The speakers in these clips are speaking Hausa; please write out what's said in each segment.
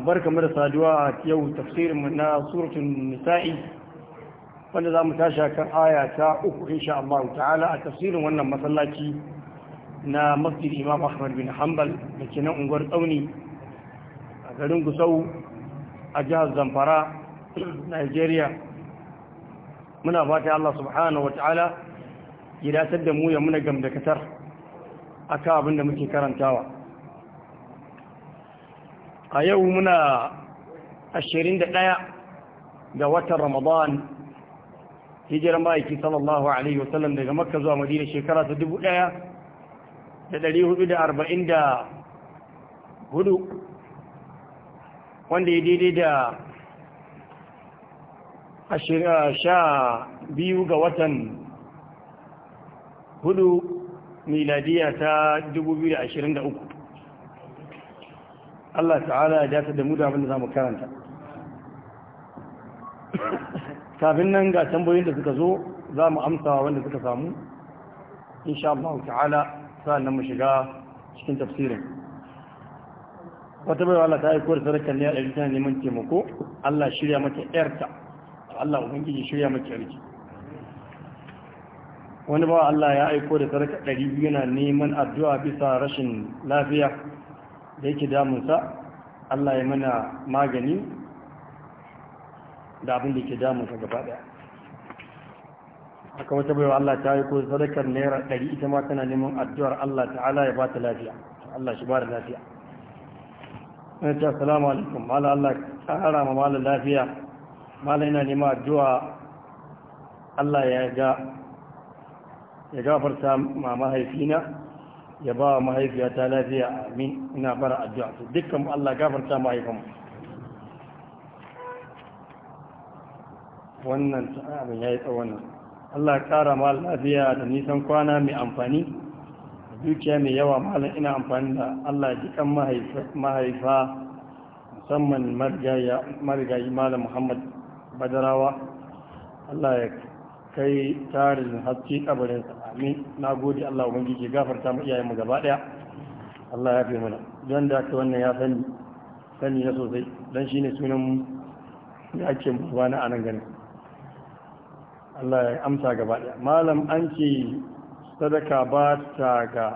barka mu da saduwa a yau tafsirin na suratun nisa'i wanda za mu tashi kan aya ta uku insha Allah ta'ala a tafsirin wannan masallaci na masjid Imam Ahmad bin Hanbal da ke nan unguwar tsauni a garin Gusau a jihar Zamfara Nigeria muna fata Allah subhanahu wa ta'ala ya datar da mu ya muna gamdakatar akan abin da muke karantawa a yau muna ashirin da ɗaya ga watan ramadan hijiran ma'aiki sallallahu alaihi wasallam daga makka zuwa madina shekara ta dubu ɗaya da da da ɗari arba'in hudu, wanda ya daidai da sha biyu ga watan hudu miladiya ta dubu biyu da da ashirin uku. Allah ta'ala ya dace da mu da abin da za mu karanta kafin nan ga tambayoyin da suka zo za mu amsawa wanda suka samu insha Allah ta'ala nan mu shiga cikin tafsirin wata Allah ta aiko da sadakar ne a ɗari tana neman taimako Allah shirya mata ƴarta Allah ubangiji shirya mata ƴarki wani ba Allah ya aiko da sadakar ɗari biyu yana neman addu'a bisa rashin lafiya da yake damunsa Allah ya mana magani da abin da ke damunsa gaba daya aka wata baiwa Allah ta yi ko sadakar naira ɗari ita ma tana neman addu'ar Allah ta'ala ya ba ta lafiya Allah shi ba da lafiya na ta salamu alaikum mala Allah ta hara ma mala lafiya mala yana neman addu'a Allah ya ga ya gafarta ma mahaifina ya ba wa mahaifiyata lafiya amin ina bara addu'a to dukkan Allah gafarta mahaifanmu wannan abin ya yi tsawon nan Allah ƙara ma lafiya da nisan kwana mai amfani dukiya mai yawa malam ina amfani da Allah jikan mahaifa musamman marigayi malam Muhammad Badarawa Allah ya kai tarin haske kabarinsa ni na gode Allah ubangiji gafarta mu iyayenmu gaba daya Allah ya fi mana don da aka wannan ya sani sani na sosai don shi ne sunan da ake bana a nan gani Allah ya amsa gaba daya malam an ce sadaka ba ta ga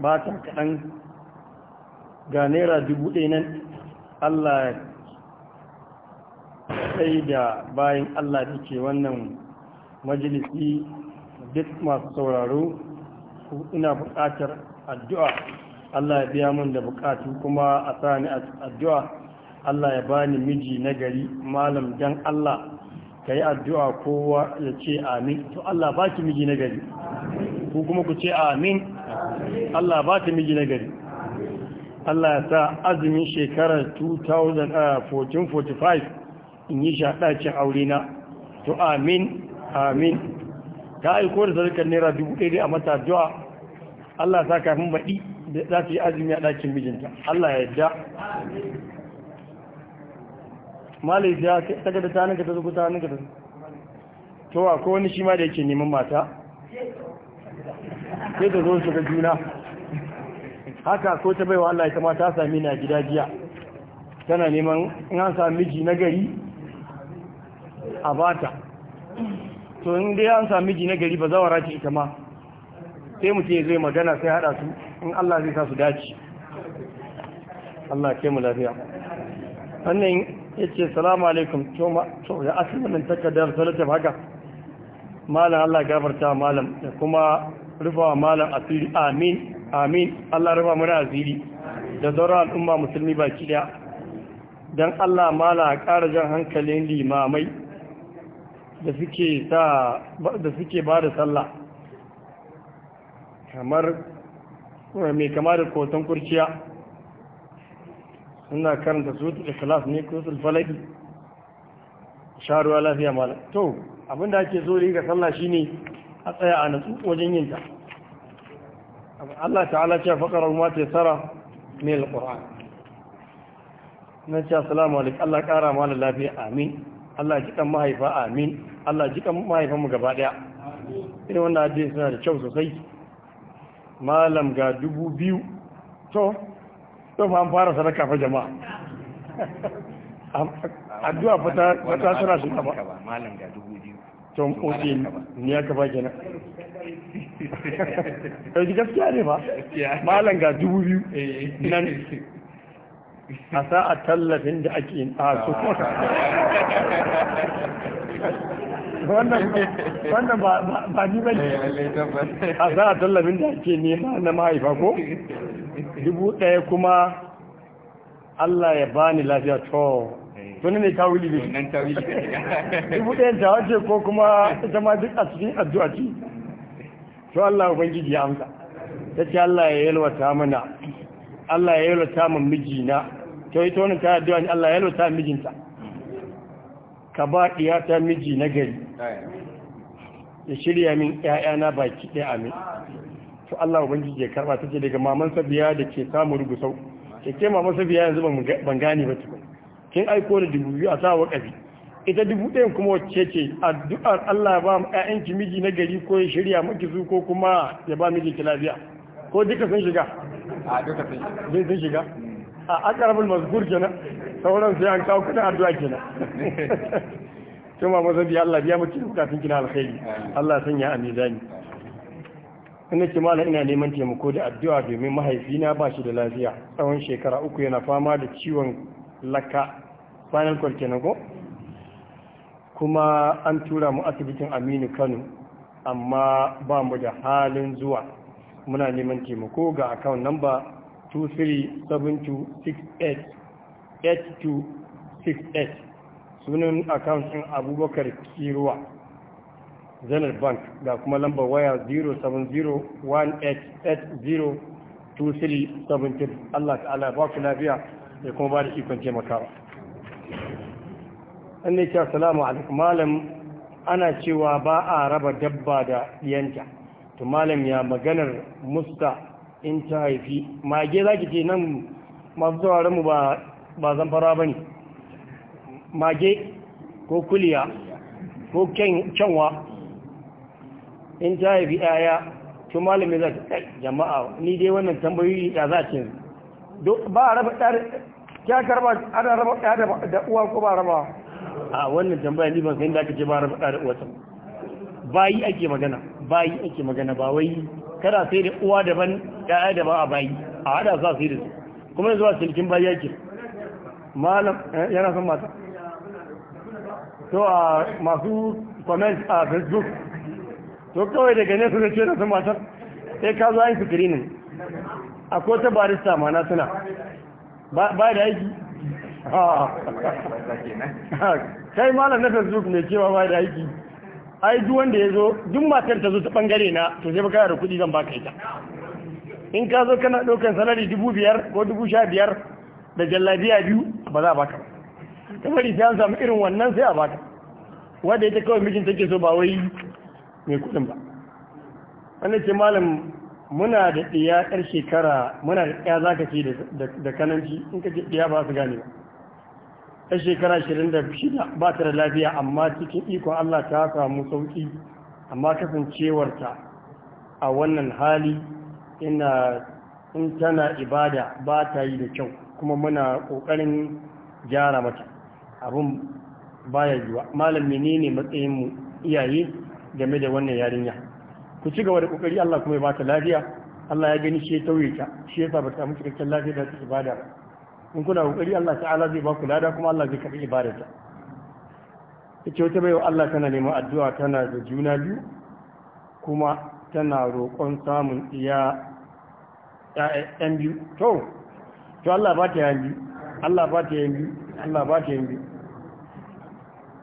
ba ta kaɗan ga naira dubu ɗaya nan Allah sai da bayan Allah da ke wannan majalisi duk masu sauraro ina buƙatar addu'a Allah ya biya min da buƙatu kuma a sani addu'a Allah ya bani miji na gari malam jan Allah ka yi addu'a kowa ya ce amin to Allah ba ki miji na gari ku kuma ku ce amin Allah ba ki miji na gari Allah ya sa azumin shekarar 2014-45 in yi shaɗacin aure na to amin amin ta aiko da sadakar naira dubu ɗaya dai a mata addu'a Allah sa kafin baɗi da za ta yi azumi a ɗakin mijinta Allah ya yarda malai ya ta ga ta ninka ta zuku ta ninka ta to ko wani shi ma da yake neman mata sai ta zo su ga juna haka ko ta baiwa Allah ita ma ta sami na gida jiya tana neman in an sami miji na gari a bata to in dai an sami miji na gari ba za zawara ce ita ma sai mutum ya zai magana sai haɗa su in Allah zai sa su dace Allah ke mu lafiya wannan ya ce salamu alaikum to ya asali wannan takardar ba haka malam Allah gafarta malam da kuma wa malam asiri amin amin Allah rufa mana asiri da sauran al'umma musulmi baki daya don Allah mala ƙara jan hankalin limamai da suke sa da suke ba da sallah kamar mai kama da koton kurciya suna karanta sutu da kalas ne kusur falaki sharuwa lafiya mala to abinda ake so riga sallah shi ne a tsaya a nasu wajen yinta Allah ta'ala ce faƙarar mata ya tsara mai alƙura'an na ce assalamu alaikum Allah ƙara mana lafiya amin Allah ji kan mahaifa amin Allah ji kan mahaifanmu gaba daya irin wannan ajiye suna da kyau sosai malam ga dubu biyu to to fa an fara sadaka fa jama'a addu'a fa ta ta su shi malam ga dubu biyu to oke ni ya gaba kenan eh gaskiya ne fa malam ga dubu biyu eh. nan a sa'a tallafin da ake yin a su wannan ba ni ba eh, a sa'a tallafin da ake nema na mahaifa ko dubu ɗaya kuma Allah ya bani lafiya to wani eh. ne tawili ne dubu ɗaya ta wace ko kuma ita ma duk a cikin addu'a ce to Allah ubangiji ya amsa ta ce Allah ya yalwata mana Allah ya yalwata min mijina to ita tonin ta addu'a ne Allah ya lota mijinta ka ba ta miji na gari ya shirya min ƴaƴana baki ɗaya amin to Allah ke karɓa ta ce daga maman sabiya da ke samu rugusau ke ke maman sabiya yanzu ban gane ba tukun kin aiko da dubu biyu a sa wakafi ita dubu ɗayan kuma wacce ce addu'ar Allah ba ‘ya’yanki miji na gari ko ya shirya maki su ko kuma ya ba miji ki lafiya ko duka sun shiga a duka sun shiga a akarabul mazkur kenan sauran sai an kawo kudin addu'a kenan kuma maza biya Allah biya miki bukatun kina alkhairi Allah sanya a mizani ina ce mallan ina neman taimako da addu'a domin mahaifina ba shi da lafiya tsawon shekara uku yana fama da ciwon laka spinal cord kenan ko kuma an tura mu asibitin Aminu Kano amma ba mu da halin zuwa muna neman taimako ga account number 237268 sunan akawuncin abubakar kiruwa zanar bank ga kuma lambar waya 07018802373 Allah ta'ala ba ku lafiya da kuma ba da ikon taimakawa an ne kya salamu alaikum malam ana cewa ba a raba dabba da yanta to malam ya maganar musta in ta haifi mage za ki ce nan masu sauraron mu ba zamfara ba ne mage ko kuliya ko kyanwa in ta haifi ɗaya tun malami za ta kai jama'a ni dai wannan tambayoyi da za ce ba a raba ɗari ya karba ana raba ɗari da uwa ko ba raba a wannan tambayi ni ban san da aka ce ba raba ɗari da uwa ba yi ake magana ba yi ake magana ba wai kada sai da uwa daban ƴaƴa daban a bayi a hada sa sai da su kuma yanzu ba bayi yake malam eh, yana son mata to a masu comment a facebook to kawai daga ne su ce son mata sai ka zo an screening akwai ta barista ma na suna ba da aiki kai malam na facebook ne cewa ba da aiki ai duk wanda ya zo duk matar ta zo ta bangare na to sai baka da kuɗi zan baka ita in ka zo kana ɗaukan salari dubu biyar ko dubu sha biyar da jallabiya biyu ba za a baka ta bari sai an samu irin wannan sai a baka wanda ita kawai mijin take so ba wai mai kuɗin ba Wannan ce malam muna da ɗiya ƙar shekara muna da ɗiya za ka ce da kananci in ka ce ɗiya ba su gane ba ta shekara 26 ba ta da lafiya amma cikin ikon Allah ta samu sauki amma kasancewarta a wannan hali ina in tana ibada ba ta yi da kyau kuma muna ƙoƙarin gyara mata abin baya yiwa malam menene matsayin mu iyaye game da wannan yarinya ku ci gaba da kokari Allah kuma ya bata lafiya Allah ya gani shi ya tauye ta shi ya ba ta samu cikakken lafiya da ta ibada ba in kuna kokari Allah ta'ala zai ba ku lada kuma Allah zai karbi ibadarta yace wata baiwa Allah tana neman addu'a tana da juna biyu kuma tana roƙon samun iya ɗan biyu to to Allah ba ta yan biyu Allah ba ta yan biyu Allah ba ta yan biyu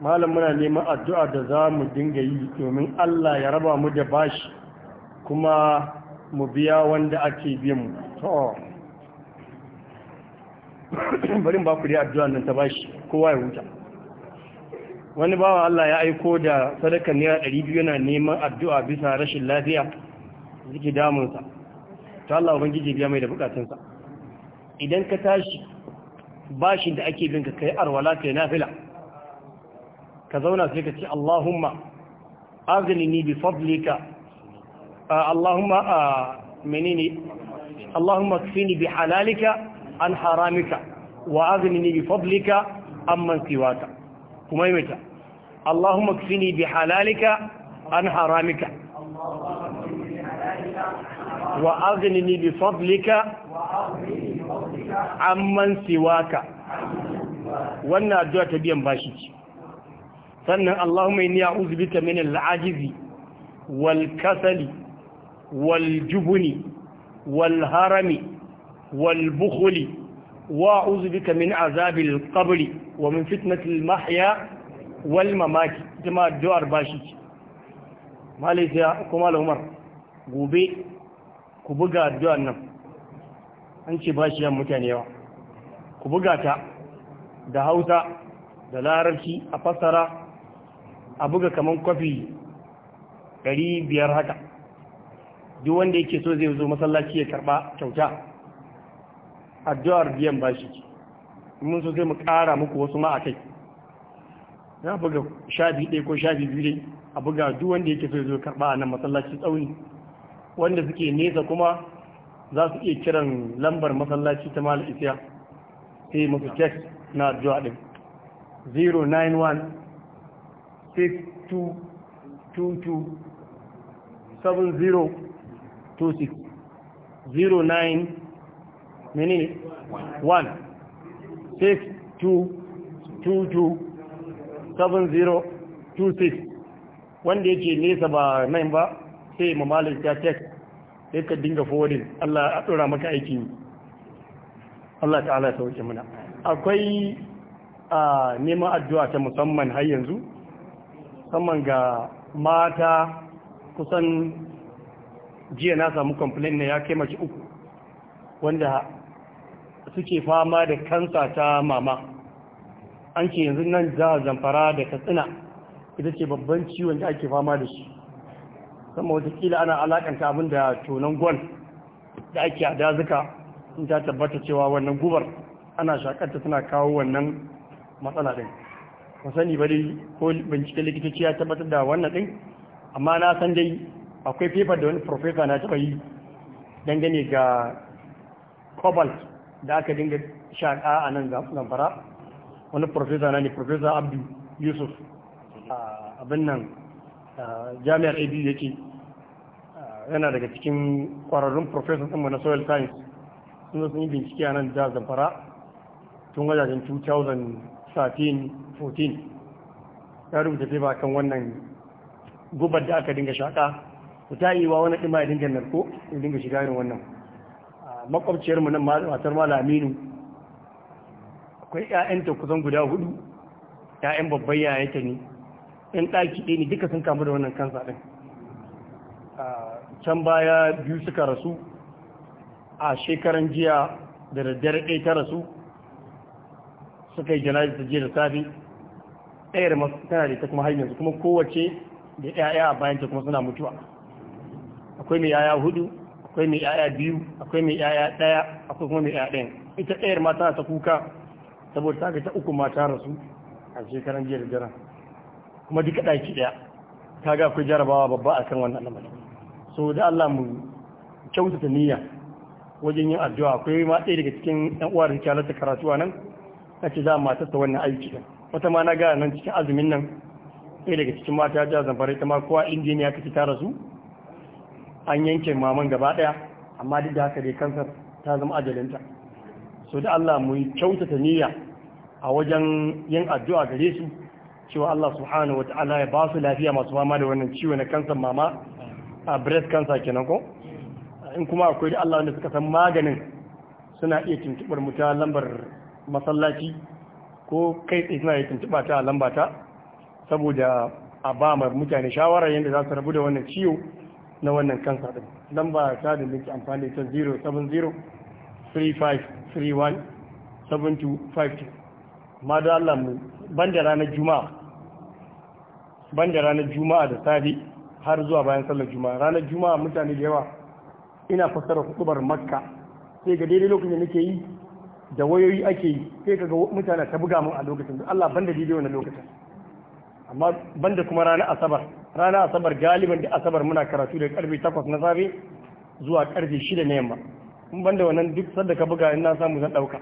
malam muna neman addu'a da za mu dinga yi domin Allah ya raba mu da bashi kuma mu biya wanda ake biyan mu to bari ba ku addu'a nan ta bashi kowa ya huta wani bawa Allah ya aiko da sadaka ne ɗari biyu yana neman addu'a bisa rashin lafiya zuke damunsa ta Allah ubangiji biya mai da sa idan ka tashi bashin da ake bin ka kai arwala kai nafila ka zauna sai ka ce Allahumma ni bi fadlika Allahumma menene Allahumma kfini bi halalika an haramika wa azmini bi fadlika amman siwaka kuma اللهم اكفني بحلالك عن حرامك واغنني بفضلك عمن سواك وانا ادعو تبيا باشي ثم اللهم اني اعوذ بك من العجز والكسل والجبن والهرم wal bukhli wa a'udhu bika min azabil qabr wa min fitnatil mahya wal mamati jama'a addu'ar bashi malaysia kuma Umar gobe ku buga addu'ar nan an ce bashi mutane yawa ku buga ta da Hausa da Larabci a fassara a buga kaman kwafi ɗari biyar haka duk wanda yake so zai zo masallaci ya karɓa kyauta addu'ar biyan bashi mun so sai mu ƙara muku wasu ma a kai ya buga shafi biɗe ko shafi biyu a buga duk wanda yake so zo karɓa a nan masallaci tsauni wanda suke nesa kuma za su iya kiran lambar masallaci ta mala isiya sai masu tek na addu'a ɗin 091 6222 7026 menene 1 6 2 2 2 7 wanda yake nesa ba nan ba sai mamalin ta tek sai ka dinga forwarding Allah a maka aiki Allah ta'ala ya sauke muna akwai a neman addu'a ta musamman har yanzu musamman ga mata kusan jiya na samu complain ne ya kai mace uku wanda suke fama da kansa ta mama an ce yanzu nan za a zamfara da katsina ita ce babban ciwon da ake fama da shi sama watakila ana alakanta abin da tonon gwal da ake a dazuka in ta tabbata cewa wannan gubar ana shakarta suna kawo wannan matsala ɗin ba sani ba dai ko bincike likitoci ya tabbatar da wannan ɗin amma na san dai akwai paper da wani profesa na taɓa yi dangane ga cobalt da aka dinga shaƙa a nan zamfara wani profesa na ne profesa abdu yusuf abin nan jami'ar abu yake yana daga cikin ƙwararrun profesor ɗin na soil science sun zo sun yi bincike a nan jihar zamfara tun wajajen 2013-14 ya rubuta fefa kan wannan gubar da aka dinga shaƙa ta yi wa wani ɗima ya dinga narko ya dinga shiga yin wannan makwabciyar mu nan matar malaminu akwai ƴaƴanta kusan guda hudu ƴaƴan babban yayata ne ɗan ɗaki ɗaya ne duka sun kamu da wannan kansa ɗin can baya biyu suka rasu a shekaran jiya da daddare ɗaya ta rasu suka yi jana'iz ta jiya da safe ɗayar masu tana da ta kuma hanyar kuma kowace da 'ya'ya a bayan ta kuma suna mutuwa akwai mai yaya hudu akwai mai yaya biyu akwai mai yaya daya akwai kuma mai yaya ɗayan ita ɗayar mata ta kuka saboda ta ga ta uku mata rasu a shekaran jiya da daren kuma duka ɗaki ɗaya ta ga akwai jarabawa babba a kan wannan lamarin so da Allah mu kyautata niyya wajen yin addu'a akwai ma ɗaya daga cikin ɗan uwa da ke halarta karatuwa nan na ce za a matarsa wannan aiki ɗin wata ma na gaya nan cikin azumin nan ɗaya daga cikin mata ta zamfara ita ma kowa injiniya kake ta rasu. an yanke maman gaba daya amma duk da haka dai kansar ta zama ajalinta so da Allah mu kyautata niyya a wajen yin addu'a gare su cewa Allah subhanahu wata'ala ya ba su lafiya masu mama da wannan ciwo na kansar mama a breast cancer kenan ko in kuma akwai da Allah wanda suka san maganin suna iya tuntubar mu ta lambar masallaci ko kai tsaye suna iya tuntuba ta lamba ta saboda a ba mutane shawara yadda za su rabu da wannan ciwo na wannan kansa din lamba ta da ke amfani ta 070 3531 7252 amma da Allah mu banda ranar juma'a ranar juma'a da sadi har zuwa bayan sallar juma'a ranar juma'a mutane da yawa ina fassara hutubar makka sai ga daidai lokacin da nake yi da wayoyi ake yi sai ga mutane ta buga mun a lokacin Allah banda daidai wani lokacin amma banda kuma ranar asabar rana asabar galiban da asabar muna karatu da karfe takwas na safe zuwa karfe shida na yamma in banda wannan duk sadda ka buga ina na samu zan dauka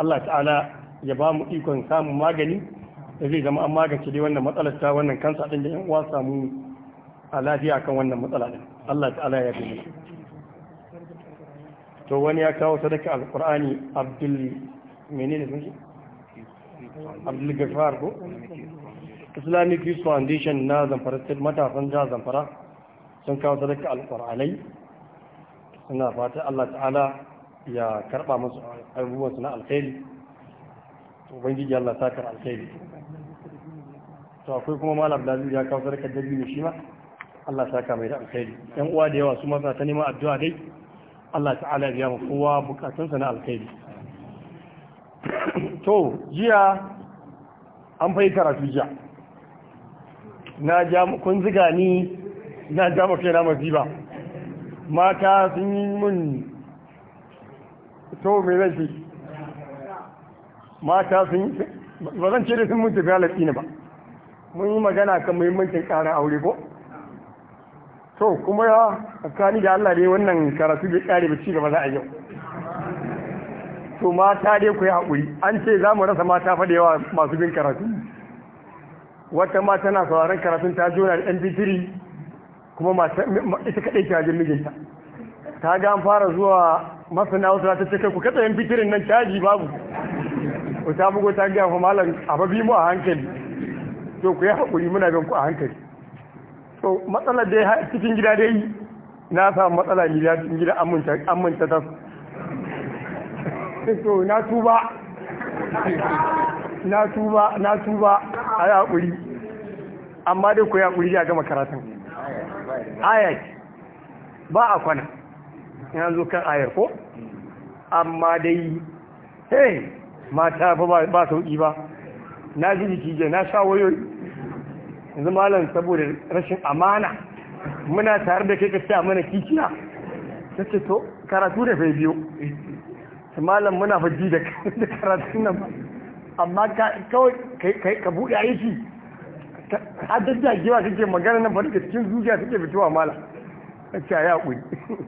Allah ta'ala ya ba mu ikon samun magani da zai zama an magance dai wannan matsalar ta wannan kansa din da yan uwa samu a lafiya kan wannan matsala din Allah ta'ala ya bi to wani ya kawo sadaka alqur'ani abdul menene ne abdul gafar ko islamic youth foundation na zamfara state matasan jihar zamfara sun kawo sadaka alƙur'anai suna fata allah ta'ala ya karɓa musu abubuwansu na alkhairi ubangiji allah ta kar alkhairi to akwai kuma malam dalil ya kawo sadaka dabino shi ma allah ta ka mai da alkhairi yan uwa da yawa su masa ta neman addu'a dai allah ta'ala ya mu kowa bukatunsa na alkhairi to jiya an fahimtar jiya na jamu kun ziga ni na ja mafi na mafi ba mata sun yi mun to mai rashi mata sun yi ba zan ce da sun mun tafi ne ba mun yi magana kan muhimmancin ƙarin aure ko to kuma ya tsakani da Allah dai wannan karatu bai kare ba ci gaba za a yau to mata dai ku yi haƙuri an ce za mu rasa mata fadewa masu bin karatu wata ma tana sauraron karatun ta jona da mp3 kuma ita kaɗai cajin mijinta ta ga an fara zuwa masana wasu ta cikin ku kaɗa mp3 nan caji babu ku ta bugo ta gaya kuma malam ababi mu a hankali to ku yi haƙuri muna bin ku a hankali to matsala dai cikin gida dai na samu matsala ne cikin gida amince ta to na tuba na tuba na tuba a yi haƙuri amma dai ku yi haƙuri ya gama karatun ayat ba a kwana zo kan ayar ko amma dai hey mata ba sauƙi ba na ji jiki je na sha wayoyi yanzu malam saboda rashin amana muna tare da kai ka mana kishiya ta ce to karatu da fai biyu malam muna faji da karatun nan amma kawai ka buɗe aiki haddar jagewa kake magana nan faɗi cikin zuciya suke fitowa malam a ce ya ƙuri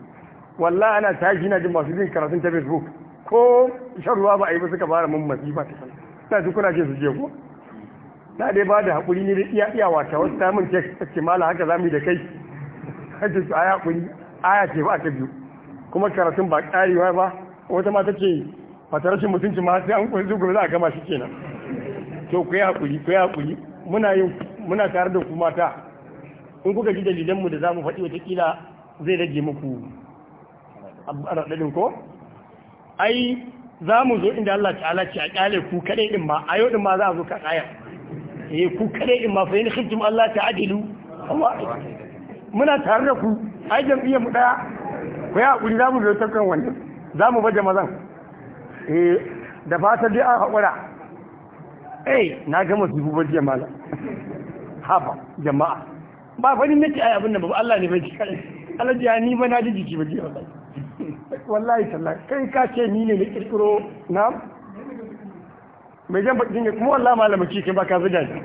wallah ana tashi na jin masu jin karatun ta facebook ko sharuwa ba a yi ba suka fara mun masifa ta na su kuna ce su je ko na dai ba da haƙuri ne da iya iya wata wasu ta mun ce malam haka za mu yi da kai hajji su a ya ƙuri aya ce ba ta biyu kuma karatun ba ƙarewa ba wata mata ce fatar mutunci ma sai an kun gobe za a gama shi nan to ku yi hakuri ku yi hakuri muna yin muna tare da ku mata in kuka ji dalilan mu za mu faɗi wata kila zai rage muku raɗaɗin ko ai za mu zo inda Allah ta'ala ce a ƙyale ku kaɗai ɗin ma a yau ɗin ma za a zo ka ƙaya. eh ku kaɗai ɗin ma fa yin khiftum Allah adilu muna tare da ku ai jam'iyyar mu ɗaya ku yi hakuri za mu zo ta kan wannan za mu baje mazan eh da fata dai an haƙura eh na gama zubu ba jiya mala haba jama'a ba fani nake ai abin da babu Allah ne bai kai alaji ya ni ba na ji jiki ba jiya wallahi sallah kai ka ce ni ne na kirkiro na mai jan bakin ya kuma wallahi malama ki kai ba ka zuga ni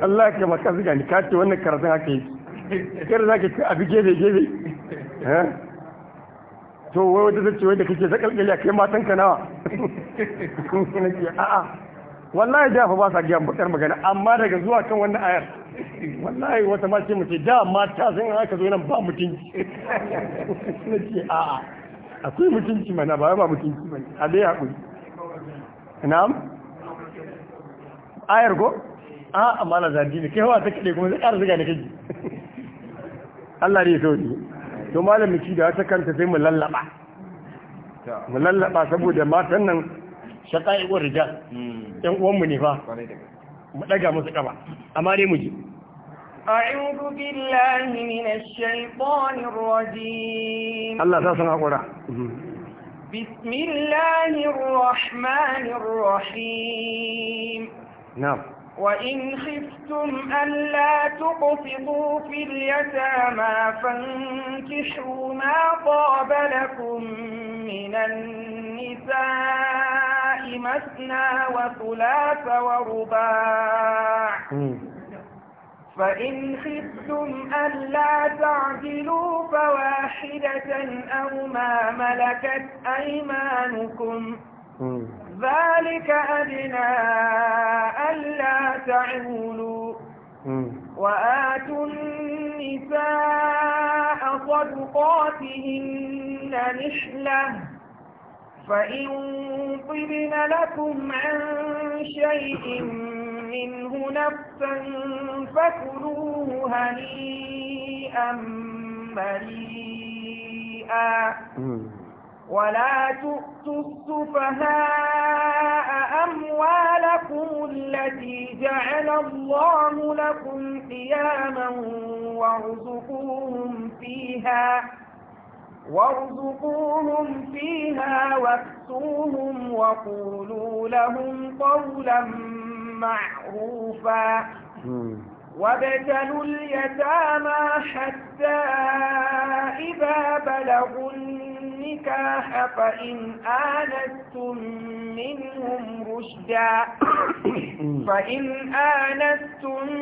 wallahi kai ba ka zuga ni ka ce wannan karatun haka yi. kar zaka ci abi gebe gebe ha eh? to wai wata zace wai da kake zakalkali kai matan ka nawa nake a'a wallahi da fa ba sa giyan bakar magana amma daga zuwa kan wannan ayar wallahi wata ma ce mace da mata sun aka zo nan ba mutunci nake a'a akwai mutunci mana ba ba mutunci bane a dai hakuri na'am ayar go a amma na zandi ne kai wa take kuma zai ƙara zuga ne kai Allah ne ya sauri. to malami ki da ta kanta sai mu lallaba mu lallaba saboda matan nan ko rijal ɗan hmm. uwan mu ne fa mu daga musu kaba amma dai mu ji أعوذ بالله من الشيطان الرجيم الله سأسمع san بسم الله الرحمن الرحيم نعم وإن خفتم ألا تقسطوا في اليتامى فانكحوا ما طاب لكم من النساء مثنى وثلاث ورباع فإن خفتم ألا تعدلوا فواحدة أو ما ملكت أيمانكم ۖ ذلك أدنى ألا تعولوا وآتوا النساء صدقاتهن نحلة فإن طبن لكم عن شيء منه نفسا فكلوه هنيئا مريئا ولا تؤتوا السفهاء أموالكم التي جعل الله لكم قياما وارزقوهم فيها وارزقوهم فيها واكسوهم وقولوا لهم قولا معروفا وابتلوا اليتامى حتى إذا بلغوا النكاح فإن آنستم منهم رشدا فإن آنستم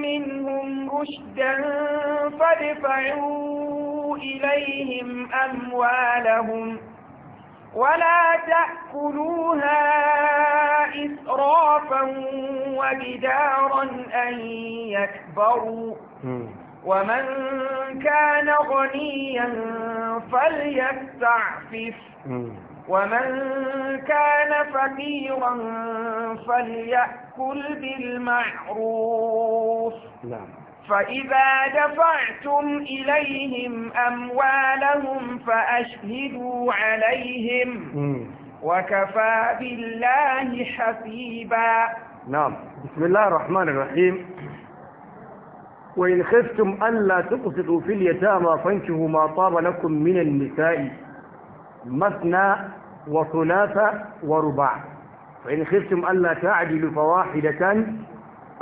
منهم رشدا فادفعوا إليهم أموالهم ولا تأكلوها إسرافا وبدارا أن يكبروا ومن كان غنيا فليستعفف ومن كان فقيرا فليأكل بالمعروف نعم فإذا دفعتم إليهم أموالهم فأشهدوا عليهم وكفى بالله حسيبا نعم بسم الله الرحمن الرحيم وإن خفتم ألا تقصدوا في اليتامى فانكهوا ما طاب لكم من النساء مثنى وثلاثة ورباع فإن خفتم ألا تعدلوا فواحدة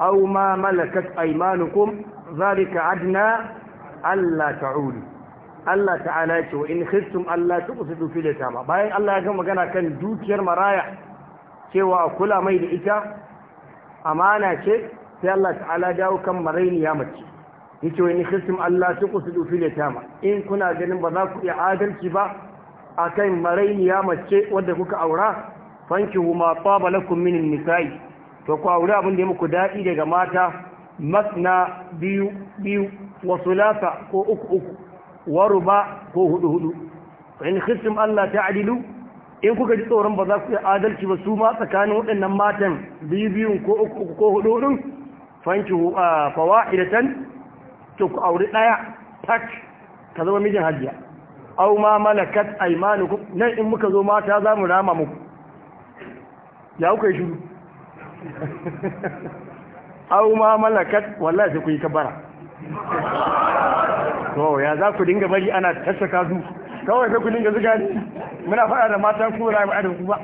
أو ما ملكت أيمانكم ذلك عدنا ألا تعودوا ألا تعالاتوا وإن خفتم ألا تقصدوا في اليتامى باين الله يجب أن كان دوت يرمى رايح كيوا أكل أميل إيتا أمانا كيوا sai Allah ta'ala dawo kan ya mace yace wani khiftum Allah ta kusudu fil yatama in kuna ganin ba za ku iya adalci ba akan marainiya mace wadda kuka aura fankihu ma taba lakum min nisa'i to ku aura abin da muku dadi daga mata masna biyu biyu wa ko uku uku wa ruba ko hudu hudu fa in allah Allah adilu in kuka ji tsoron ba za ku iya adalci ba su ma tsakanin waɗannan matan biyu biyun ko uku ko hudu hudun fankihu fawahidatan to ku auri daya tak ka zama mijin hajiya au ma malakat ku. nan in muka zo mata za mu rama muku ya kuka yi shiru au ma malakat wallahi sai ku yi kabara to ya za ku dinga bari ana tasaka su kawai sai ku dinga zuga ni muna faɗa da mata ku rama adam ku ba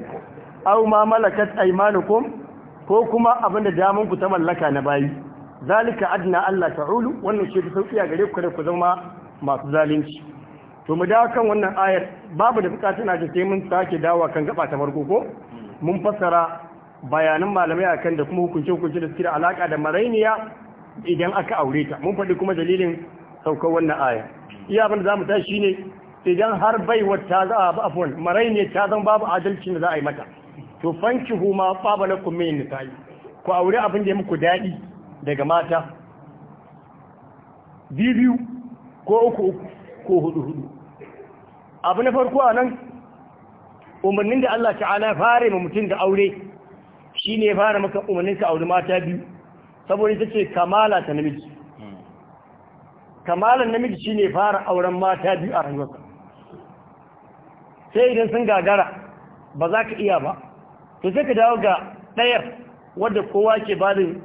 au ma malakat ku. ko kuma abin da damun ku ta mallaka na bayi zalika adna Allah ta'ulu wannan shi ta sauki a gare ku da ku zama masu zalunci to mu dawo kan wannan ayar babu da bukatun na sai mun sake dawo kan gaba ta farko ko mun fassara bayanan malamai akan da kuma hukunce hukunci da suke da alaka da marainiya idan aka aure ta mun faɗi kuma dalilin saukar wannan aya iya abin da zamu tashi ne, idan har baiwar ta za a afwan marainiya ta zan babu adalci da za a yi mata to fankihu ma faba kuma yin nisa'i ku aure abin da ya muku daɗi daga mata biyu ko uku uku ko hudu hudu abu na farko a nan umarnin da Allah ta'ala fara ma mutum da aure shi ne fara maka umarnin ka aure mata biyu saboda ita ce kamala ta namiji kamalan namiji shi ne fara auren mata biyu a rayuwarka sai idan sun gagara ba za ka iya ba to sai ka dawo ga ɗayar wadda kowa ke barin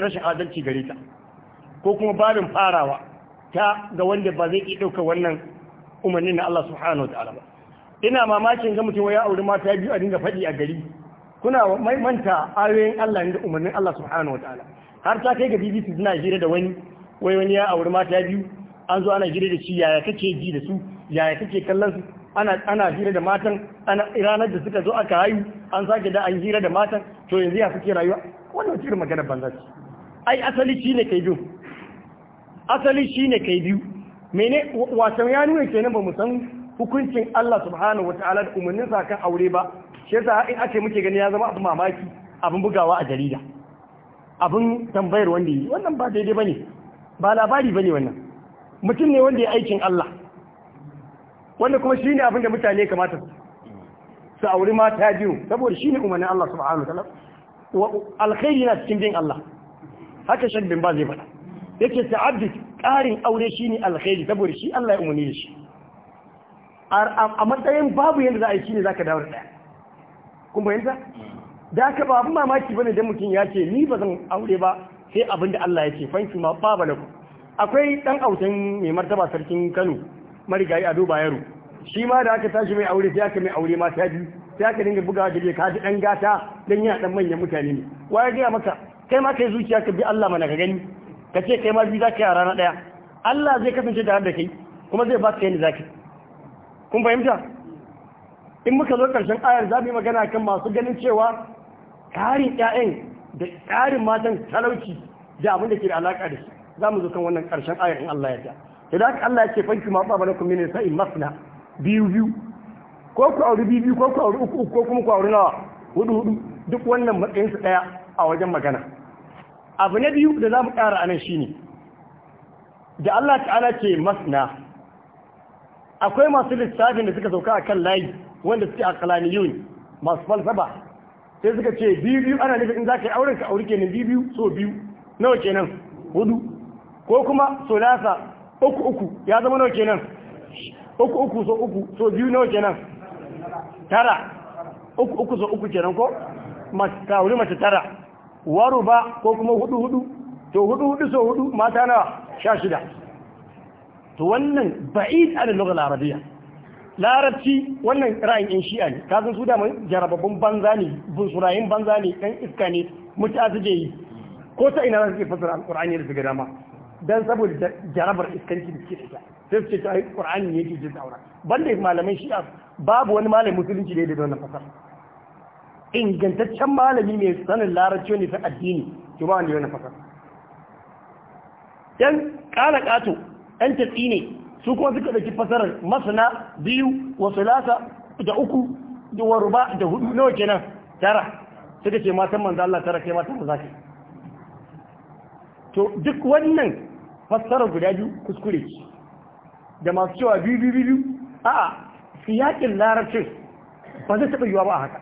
rashin adalci gare ta ko kuma barin farawa ta ga wanda ba zai iya ɗauka wannan umarnin na Allah subhanahu wa ta'ala ba ina mamakin ga mutum ya auri mata biyu a dinga faɗi a gari kuna manta ayoyin Allah ne da umarnin Allah subhanahu wa ta'ala har ta kai ga BBC suna hira da wani wai wani ya auri mata biyu an zo ana hira da shi yaya kake ji da su yaya kake kallon su ana hira da matan ana ranar da suka zo aka haihu an sake da an hira da matan to yanzu ya suke rayuwa wannan wata irin magana banza ce ai asali shi ne kai biyu asali shi ne kai biyu mene wasan ya nuna nan ba mu san hukuncin Allah subhanahu ta'ala da umarnin sa kan aure ba shi yasa in ake muke gani ya zama abin mamaki abin bugawa a jarida abin tambayar wanda yi wannan ba daidai bane ba labari bane wannan mutum ne wanda ya aikin Allah wanda kuma shi ne abin da mutane kamata su auri mata biyu saboda shi ne umarnin Allah subhanahu ta'ala alkhairi na cikin bin Allah haka shan bin ba zai faɗa yake Abdi ƙarin aure shi ne alkhairi saboda shi Allah ya umarni da shi a matsayin babu yadda za a yi ne zaka dawo da ɗaya kun bayyanta da ka ba abin mamaki bane da mutum ya ce ni ba zan aure ba sai abin da Allah ya ce fanki ma ba akwai dan autan mai martaba sarkin Kano marigayi a duba yaro shi ma da aka tashi mai aure sai aka mai aure ma ta biyu sai aka dinga bugawa da ka ji dan gata dan yana dan manyan mutane ne wa ya gaya maka kai ma kai zuciya ka bi Allah mana ka gani ka ce kai ma biyu za ka yi a rana ɗaya Allah zai kasance tare da kai kuma zai ba ka yin zaki kun fahimta in muka zo karshen ayar za mu magana kan masu ganin cewa karin ƴaƴan da ƙarin matan talauci da abin da ke da alaƙa da shi za mu zo kan wannan karshen ayar in Allah ya yarda idan da Allah ya ce fanki ma ba lakum min sa'in masna biyu biyu ko ku auri biyu biyu ko ku auri uku ko kuma ku auri nawa hudu hudu duk wannan matsayin su daya a wajen magana abu na biyu da zamu mu ƙara anan shine da Allah ta'ala ce masna akwai masu lissafin da suka sauka akan layi wanda suke akalaniyun masu falsafa sai suka ce biyu biyu ana nufin in za ka yi auren ka auri kenan biyu biyu so biyu nawa kenan hudu ko kuma solasa uku uku ya zama nawa kenan uku uku so uku so biyu nawa kenan tara uku uku so uku kenan ko mata wuri mace tara waru ba ko kuma hudu hudu to hudu hudu so hudu mata nawa sha shida to wannan ba'id an lugha al-arabiyya larabci wannan ra'ayin yan shi'a ne kazan su da mun jarababbun banza ne bunsurayin banza ne dan iska ne mutu yi ko ta ina za su ke fasara alqur'ani da su ga dama dan saboda jarabar iskanci da suke da ita sai su ce ta qur'ani yake jin daura banda malaman shi'a babu wani malamin musulunci da ya da wannan fasar ingantaccen malami mai sanin larabci ne ta addini to ba wani wannan fasar dan kala kato dan ta ne su kuma suka dauki fasarar masana biyu wa salasa da uku da waruba, da hudu nawa kenan tara suka ce matan manzo Allah tara kai matan manzo to duk wannan fassara guda biyu kuskure da masu cewa biyu biyu biyu a'a siyakin larabcin ba zai taɓa yiwa ba a haka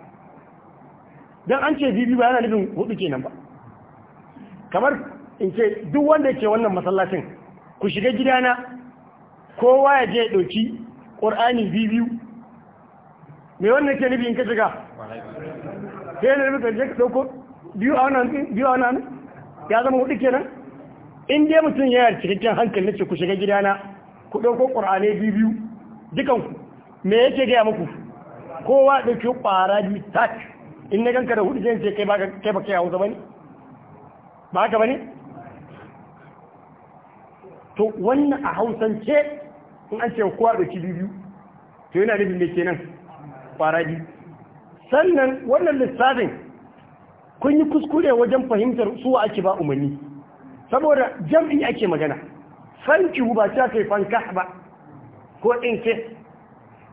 don an ce biyu biyu ba yana nufin hudu kenan ba kamar in ce duk wanda ke wannan masallacin ku shiga gidana kowa ya je ya ɗauki ƙur'ani biyu biyu me wannan ke nufin ka shiga sai yana nufin ka je ka ɗauko biyu a wannan biyu a wannan ya zama hudu kenan in dai mutum ya yarci cikin hankali nace ku shiga gidana ku ɗauko ƙur'ane biyu biyu dukanku me yake gaya muku kowa ɗauki ƙwara bi tak in na ganka da hudu zai ce kai baka kai ba yawo hausa bane ba haka bane to wannan a hausance in an ce kowa ɗauki biyu biyu to yana nufin me kenan ƙwara bi sannan wannan lissafin kun yi kuskure wajen fahimtar su ake ba umarni saboda jam'i ake magana fanki ba ta kai fanka ba ko ɗinke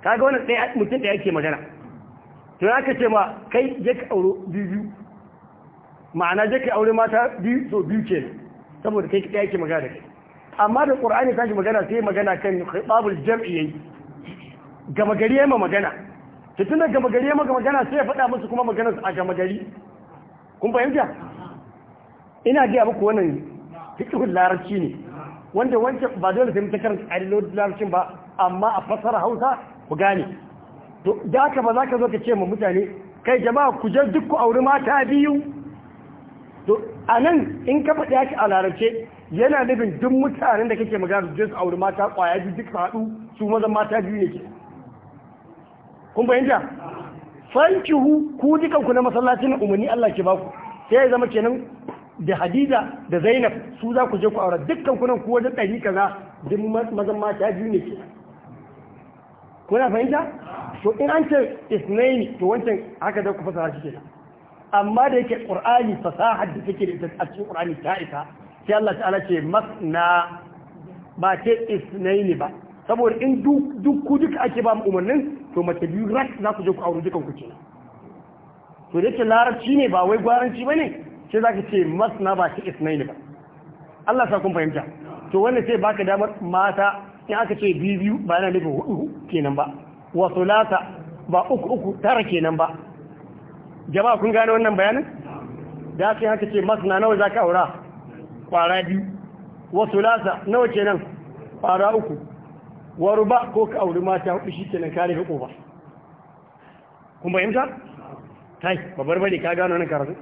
kaga wani ɗaya mutum ɗaya ake magana to ya kace ce ma kai je ka auro biyu ma'ana je ka aure mata biyu so biyu ke saboda kai ɗaya ake magana da kai amma da ƙur'ani ta shi magana sai magana kan babul jam'i yayi gama gari yayi ma magana ta tunda gama gari yayi ma magana sai ya faɗa musu kuma magana a gama gari kun fahimta ina ga muku wannan fiqhul larabci ne wanda wancan ba dole sai mutakar karanta larabcin ba amma a fasara Hausa ku gane to da aka ba za ka zo ka ce ma mutane kai jama'a ku je duk ku auri mata biyu to nan in ka faɗi haka a larabce yana nufin duk mutanen da kake magana su je su auri mata ƙwaya biyu duk haɗu su mazan mata biyu ne ke kun fahimta fankihu ku dukan ku na masallacin umarni Allah ke baku sai ya zama kenan da hadiza da zainab su za ku je ku aure dukkan kunan ku wajen ɗari kaza duk mazan mata biyu ne ke kuna fahimta to in an ce isnaini to wancan haka da ku fasara shi amma da yake qur'ani fasahar da take da a cikin qur'ani ta isa sai Allah ta'ala ce masna ba ce isnaini ba saboda in duk ku duka ake ba mu umarnin to mace biyu rak za ku je ku aure dukan ku kenan to da yake larabci ne ba wai gwaranci bane sai za ka ce masna ba shi isnai ne ba Allah sa kun fahimta to wannan sai baka damar mata in aka ce biyu biyu ba yana nufin hudu kenan ba wa sulata ba uku uku tara kenan ba jama'a kun gane wannan bayanin da sai haka ce masna nawa za ka aura kwara biyu wa sulata nawa kenan kwara uku wa ruba ko ka auri mata hudu shi kenan ka rufe kofa kun fahimta kai babbar bane ka gano nan karatu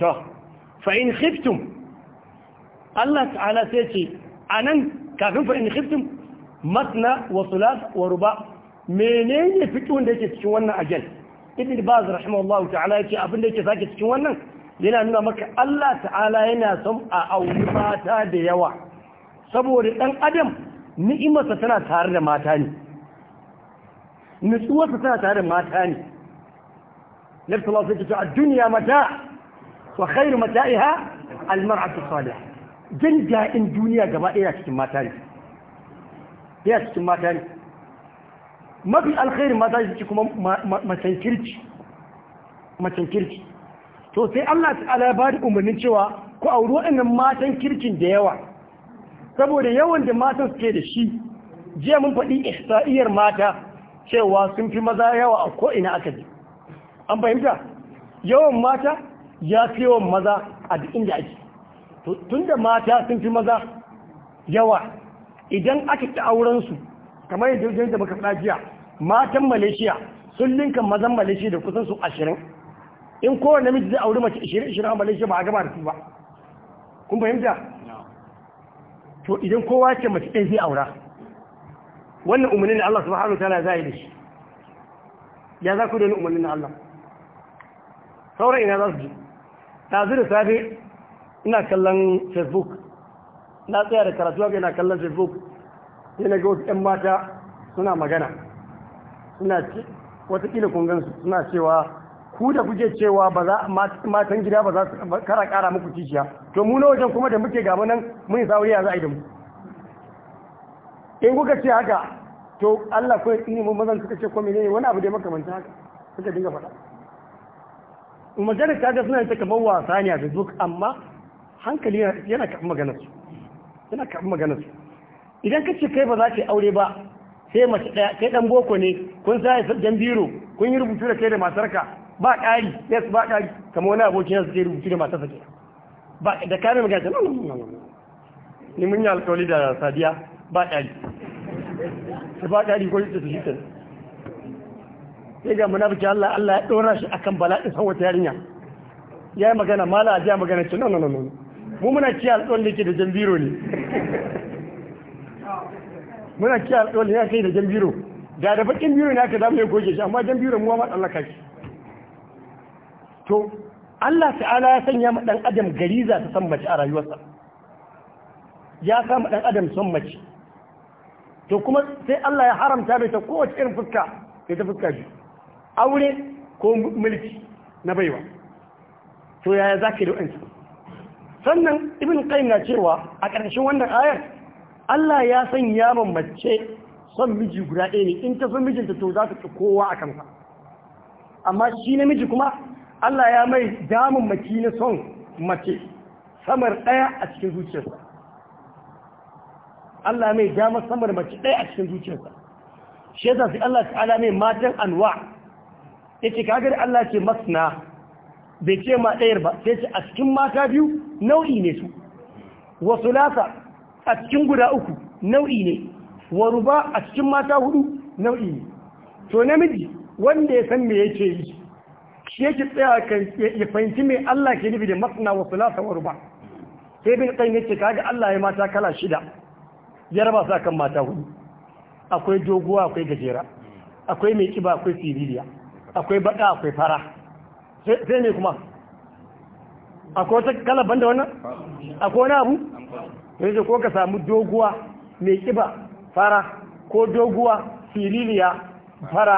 to fa khiftum Allah ta'ala sai ce nan kafin fa'in in khiftum matna wa thulath wa ruba menene fitowar da yake cikin wannan ajal ibn baz rahimahullahu ta'ala ce abin da yake sake cikin wannan yana nuna maka Allah ta'ala yana son a auri mata da yawa saboda ɗan adam ni'imarsa tana tare da mata ne nutsuwarsa tana tare da mata ne nabi sallallahu alaihi a duniya mata wa khairu mata'iha almar'atu salihah jin daɗin duniya gaba ɗaya cikin mata ne ɗaya cikin mata ne mafi alkhairin mata ne kuma macen kirki macen kirki to sai Allah ta'ala ya bada umarnin cewa ku auri waɗannan matan kirkin da yawa saboda yawan da matan suke da shi jiya mun faɗi ihsa'iyar mata cewa sun fi maza yawa a ko'ina aka ji an fahimta yawan mata ya fi yawan maza a duk inda ake tun da mata sun fi maza yawa idan aka ta aurensu kamar yadda da muka faɗa jiya matan malaysia sun linka mazan malaysia da kusan su ashirin in kowane namiji zai auri mace ashirin ashirin a malaysia ba a gaba da su ba kun fahimta to idan kowa ce mace ɗaya zai aura wannan umarni na Allah subhanahu wa ta'ala za yi da shi ya za ku da umarni na Allah sauran ina za su ji ɗazu da safe ina kallon facebook na tsaya da karatu ga ina kallon facebook sai na ga wasu 'yan mata suna magana suna watakila kungansu suna cewa ku da kuke cewa ba za matan gida ba za su kara kara muku kishiya to mu na wajen kuma da muke gaba nan mun sa wuri za a idan da mu in kuka ce haka to Allah ko in mun mazan suka ce ko menene wani abu da makamanta haka suka dinga faɗa maganar kaga suna ta kamar wasa ne a facebook amma hankali yana kafin maganar su yana kafin maganar su idan ka ce kai ba za ka aure ba sai mace ɗaya kai ɗan boko ne kun sa dan biro kun yi rubutu da kai da matarka ba ƙari yes ba ƙari kamar wani abokin yanzu zai rubutu da matarsa ke ba da kamar magana ta nan ni mun yi alƙawari da sadiya ba ƙari ba ƙari ko su shi sai ga munafiki Allah Allah ya dora shi akan bala'i san wata yarinya yayi magana mala ajiya magana ce nan no mu muna ci alƙon da ke da jambiro ne muna ci alƙon da kai da jambiro da da bakin biro ne aka damu ya goge shi amma jambiro mu ma Allah kashi to Allah ta'ala ya sanya ma dan adam gariza ta san mace a rayuwarsa ya sa ma dan adam son mace to kuma sai Allah ya haramta mai ta kowace irin fuska sai ta fuska biyu aure ko mulki na baiwa to yaya za ka yi da sannan ibn qayyim na cewa a ƙarshen wannan ayar Allah ya san yaron mace son miji guda ɗaya ne in ta son mijinta to za ta ci kowa a kansa amma shi namiji kuma Allah ya mai damun maki na son mace samar ɗaya a cikin zuciyarsa Allah mai damar samar mace ɗaya a cikin zuciyarsa shi yasa zafi Allah ta'ala mai matan anwa ya ce kagar Allah ce masna bai ce ma ɗayar ba sai ce a cikin mata biyu nau'i ne su wasu lasa a cikin guda uku nau'i ne waru ba a cikin mata hudu nau'i ne to namiji wanda ya san me yake yi shi yake tsaya kan ya fahimci mai Allah ke nufi da masna wasu lasa waru ba sai bin kan yace kaga Allah ya mata kala shida ya raba su akan mata hudu akwai doguwa akwai gajera akwai mai kiba akwai siririya akwai baka akwai fara sai ne kuma akwai wata kalaban da wannan akwai wani abu yanzu ko ka samu doguwa mai kiba fara ko doguwa siririya fara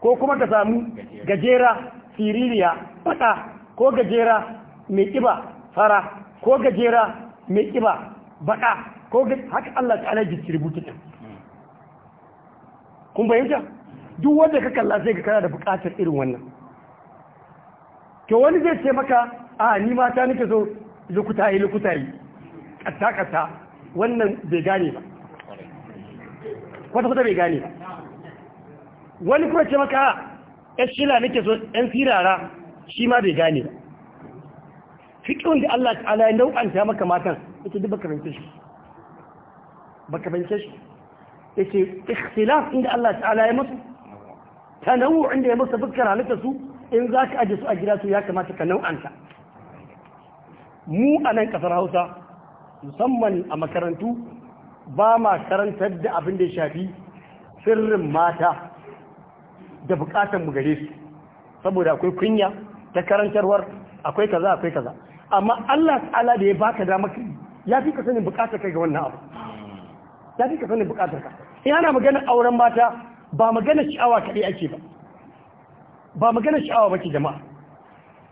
ko kuma ka samu gajera siririya baka ko gajera mai kiba fara ko gajera mai kiba baɗa ko haka Allah ta ala distributed kun bayyanta duk wanda ka kalla sai ka kana da bukatar irin wannan to wani zai ce maka a ni mata nake so lukuta yi kata kata wannan bai gane ba kwata kwata bai gane ba wani kuma ce maka a shila nake so yan firara shi ma bai gane ba fikin da Allah ta'ala ya nau'anta maka matan ita duk baka fahimce shi baka fahimce shi yace ikhtilaf inda Allah ta'ala ya masa. tanawu'in inda ya musu fuskar halitta su in za ka aje su a gida su ya kamata ka nau'anta mu a nan kasar hausa musamman a makarantu ba ma karantar da abin da ya shafi sirrin mata da bukatan mu gare su saboda akwai kunya ta karantarwar akwai kaza akwai kaza amma Allah ta'ala da ya baka dama ya fi ka sanin bukatar kai ga wannan abu ya fi ka sanin bukatar ka in ana magana auren mata ba magana sha'awa kaɗai ake ba ba magana sha'awa ba ke jama'a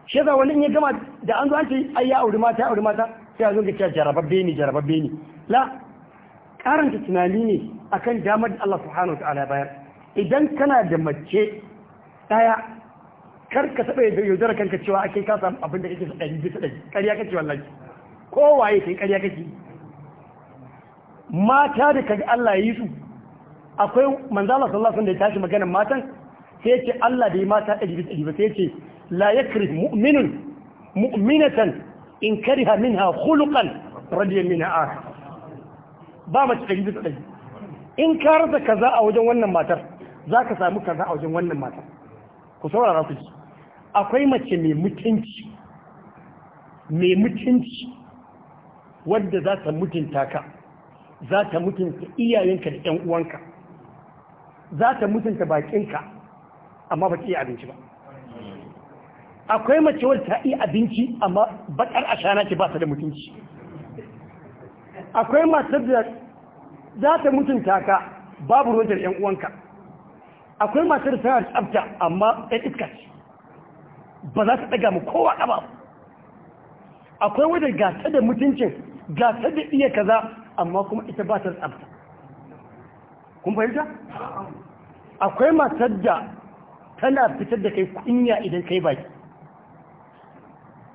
shi yasa wani ya gama da an zo an ce ai ya auri mata auri mata sai a zo ga cewa jarababbe ne jarababbe ne la karanta tunani ne akan damar da Allah subhanahu ta'ala bayar idan kana da mace daya kar ka saba yaudara kanka cewa ake ka samu abin da kake sadari ɗari bisa ɗari ƙarya kake wallahi kowaye kai ƙarya kake mata da kaga Allah ya yi su akwai manzala sallallahu alaihi da ya tashi maganar matan sai ce Allah da ya mata ɗari ɗari sai ce la yakri mu'minun mu'minatan in kariha minha khuluqan radiya minha ah ba mace ta bisa ɗari in ka rasa kaza a wajen wannan matar za ka samu kaza a wajen wannan matar ku saurara ku akwai mace mai mutunci mai mutunci wadda za ta mutunta ka za ta mutunta iyayenka da ƴan uwanka za ta mutunta bakinka amma baki iya abinci ba akwai mace wadda ta iya abinci amma bakar ashana ce ba ta da mutunci akwai mace da za ta mutunta ka babu rojar yan uwanka akwai da tana tsafta amma ɗan iska ce ba za ta ɗaga mu kowa ƙaba akwai wadda gasa da mutuncin gasa da iya kaza amma kuma ita ba ta tsafta kun fahimta akwai matar da tana fitar da kai kunya idan kai baki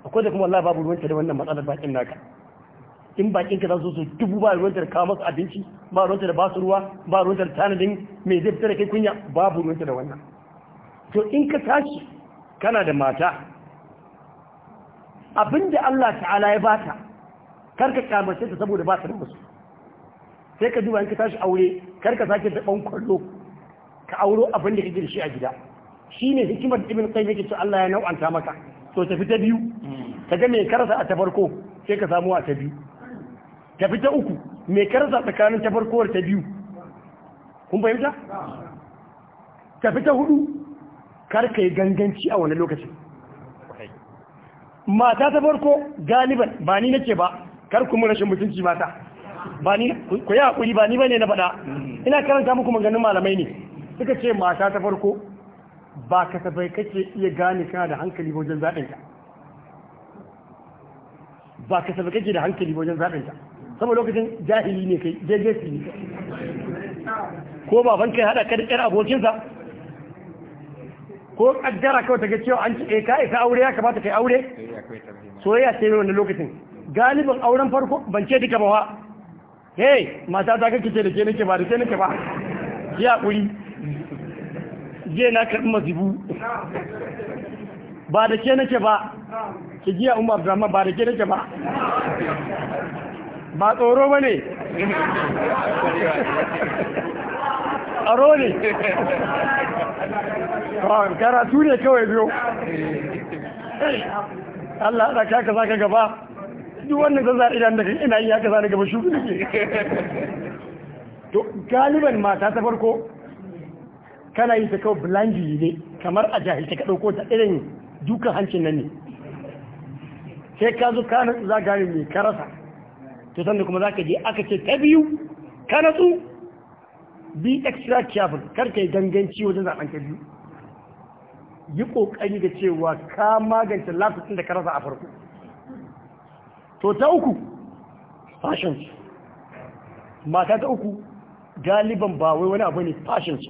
akwai da kuma Allah babu ruwanta da wannan matsalar bakin naka in bakin ka za su dubu ba ruwanta da kawo masu abinci ba ruwanta da basu ruwa ba ruwanta da tanadin mai zai fitar da kai kunya babu ruwanta da wannan to in ka tashi kana da mata abinda Allah ta'ala ya bata karka sai ta saboda ba ta da musu sai ka duba in ka tashi aure kar ka sake zaban kwallo ka auro abin da kake da shi a gida Shi ne hikimar ibn qayyim yake ce Allah ya nau'anta maka to tafi ta biyu ka ga mai karasa a ta farko sai ka samu a ta biyu tafi ta uku mai karasa tsakanin ta farko ta biyu kun fahimta tafi ta hudu kar ka yi ganganci a wani lokacin mata ta farko galiban ba ni nake ba kar kuma rashin mutunci mata ba ni ku yi hakuri ba ni bane na faɗa ina karanta muku maganganun malamai ne suka ce mata ta farko ba kasafai kake iya gane kana da hankali wajen zaɓin ta ba kasafai kake da hankali wajen zaɓin ta lokacin jahili ne kai jejesi ne ko baban kai haɗa ka da ƴar abokinsa ko ƙaddara kawai ta ga cewa an ce eh, ka isa aure ya kamata kai aure soyayya ce ne wani lokacin galibin auren farko ban ce duka ba hey mata ta kake ce da ke nake ba da ke nake ba ki hakuri je na karɓi masifu ba da ke nake ba ki jiya umar drama ba da ke nake ba ba tsoro ba ne tsaro ne karatu ne kawai biyo Allah da kaka ka gaba duk wannan zan zaɓi da ina yi haka zane gaba shuku ne to galiban mata ta farko kana yi ta kawai blanji ne kamar a jahilta ka ɗauko ta irin dukan hancin nan ne sai ka zo ka natsu za gane mai karasa to sanda kuma za ka je aka ce ta biyu ka natsu bi extra careful kar ka yi ganganci wajen zaɓen ta biyu yi ƙoƙari da cewa ka magance lafisin da karasa a farko to ta uku fashions mata ta uku galiban ba wai wani abu ne fashions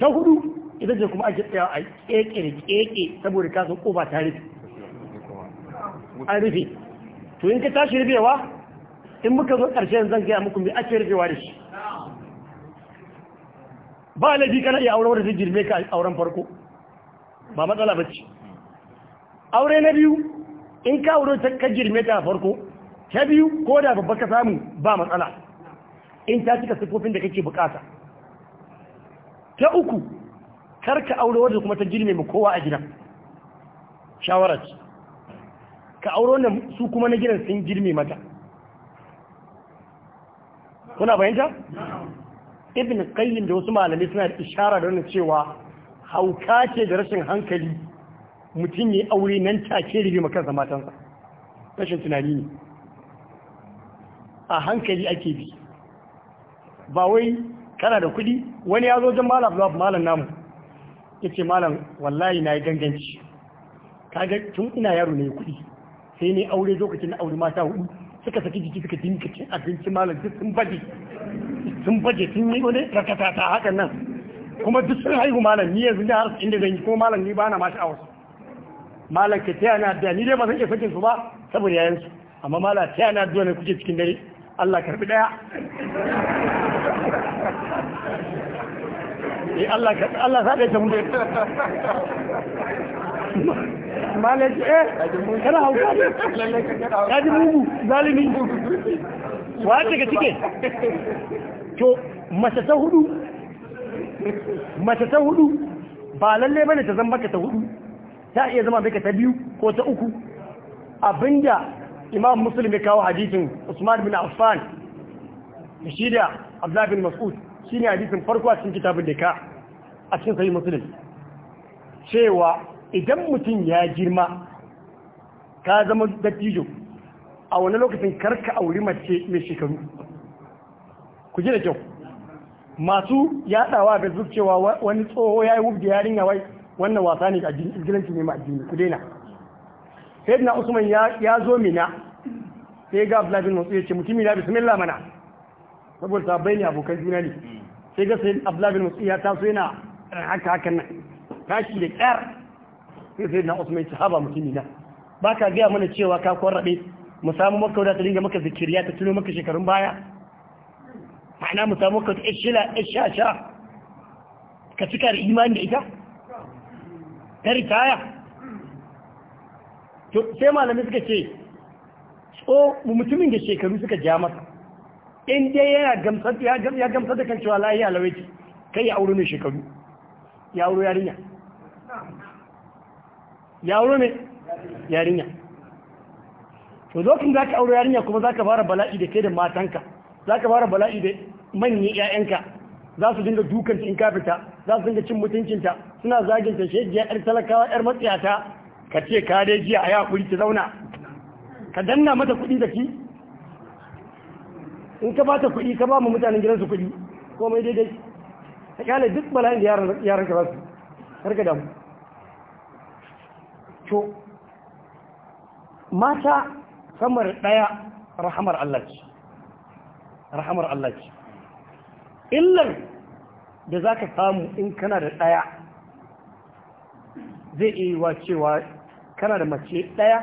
ta hudu ita ce kuma ake tsaya a kekere keke saboda kasan koba ta rufe an rufe to in ka tashi rufewa in muka zo ƙarshen zan gaya muku mai ake rufewa da shi ba laifi kana iya auren wadda zai girme ka auren farko ba matsala ba ce aure na biyu in ka wuri ta ka girme ta farko ta biyu ko da babba ka samu ba matsala in ta cika siffofin da kake bukata ta uku karka aure wadda kuma ta girme mu kowa a gidan shawarar ka auro na su kuma na gidan sun girme mata kuna bayanta? ibn kayyin da wasu malamai suna da ishara da wannan cewa hauka ce da rashin hankali mutum ya aure nan take rufe makansa matansa rashin tunani ne a hankali ake bi ba wai kana da kuɗi wani ya zo jan malam abdullahi malam namu ya ce malam wallahi na yi ganganci kaga tun ina yaro ne kuɗi sai ne aure lokacin na aure mata hudu suka saki jiki suka dinka cin abinci malam duk sun baje sun baje sun yi wani rakata ta hakan nan kuma duk sun haihu malam ni yanzu da har inda zan yi kuma malam ni ba na ma sha'awar malaka ta yana da ni dai ba zan iya sakin su ba saboda yayin su amma malaka ta yana addu'a ne kuke cikin dare Allah karbi daya eh Allah ka Allah sa da dai malaka eh kana hauka ne ka ji mugu zalimi wa daga cike to mace ta hudu mace ta hudu ba lalle bane ta zan baka ta hudu ta iya zama baka ta biyu ko ta uku abinda imam muslim ya kawo hadisin usman bin affan shi da abdullahi bin mas'ud shine hadisin farko a cikin kitabun da ka a cikin sahih muslim cewa idan mutum ya girma ka zama dattijo a wani lokacin karka auri mace mai shekaru ku ji da kyau masu yadawa da cewa wani tsoho ya yi wuf da yarinya wai wannan wasa ne izgilanci ne ma'addini ku daina sai na usman ya zo mina sai ga abdullahi bin mas'ud ya ce mutumi na bismillah mana saboda sabai ne abokan juna ne sai ga sai abdullahi bin mas'ud ya taso yana haka hakan nan tashi da kyar sai sai na usman ya ce haba mutumi na ba ka gaya mana cewa ka kwarrabe mu samu maka wadata dinga maka zikiriya ta tuno maka shekarun baya ma'ana mu samu maka wata ishila ishasha ka cika da imani da ita ta ritaya sai malami suka ce tso mutumin da shekaru suka ja masa in dai yana gamsar ya gamsar da kan cewa layi alawaci kai ya auro mai shekaru ya auro yarinya ya auro mai yarinya to zokin za ka auro yarinya kuma za ka fara bala'i da kai da matanka za ka fara bala'i da manyan 'ya'yanka za su dinga dukan cin kafita za su dinga cin mutuncinta suna zagin zaginta shegiya yar talakawa yar matsiyata ka ce ka dai jiya a yaƙuri ki zauna ka danna mata kuɗi da ki in ka ba ta kuɗi ka ba mu mutanen gidansu kuɗi komai daidai ka kyale duk bala'in da yaran ka ba su karka damu to mata samar ɗaya rahamar Allah ce rahamar Allah ce illar da za ka samu in kana da ɗaya zai iya wa cewa kana da mace ɗaya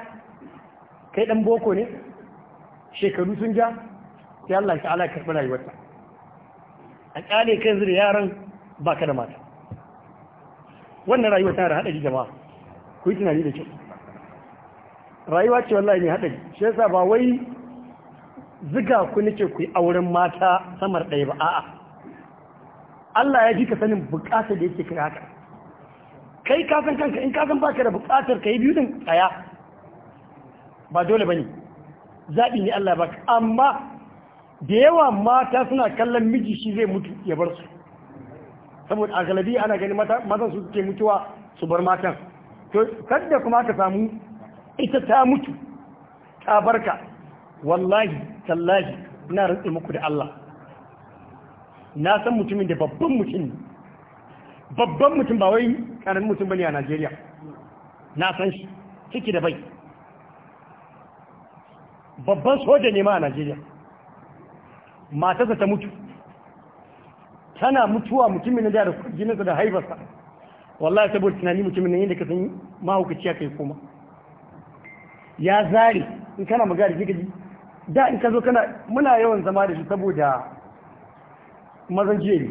kai ɗan boko ne shekaru sun ja ya Allah ta ala karɓi rayuwarta a ƙyale kan zira yaran ba ka da mata wannan rayuwa tana da haɗari jama'a ku yi tunani da kyau rayuwa ce wallahi mai haɗari shi yasa ba wai ziga ku nake ku yi auren mata samar ɗaya ba a'a Allah ya ji ka sanin buƙatar da yake kira haka kai ka san kanka in ka san baka da bukatar kai biyu din tsaya ba dole bane zabi ne Allah baka amma da yawa mata suna kallon miji shi zai mutu ya bar su saboda a galabi ana gani mazan su suke mutuwa su bar matan to kadda kuma ka samu ita ta mutu ta barka wallahi tallahi ina rantsi muku da Allah na san mutumin da babban mutum babban mutum ba wai karamin mutum bane a Najeriya na san shi ciki da bai babban soja ne ma a Najeriya matasa ta mutu tana mutuwa mutumin da jinsa da haifarsa wallahi saboda tunani mutumin nan yadda ka san mahaukaciya kai koma ya zare in kana magana ji da in ka zo kana muna yawan zama da shi saboda kuma zan ne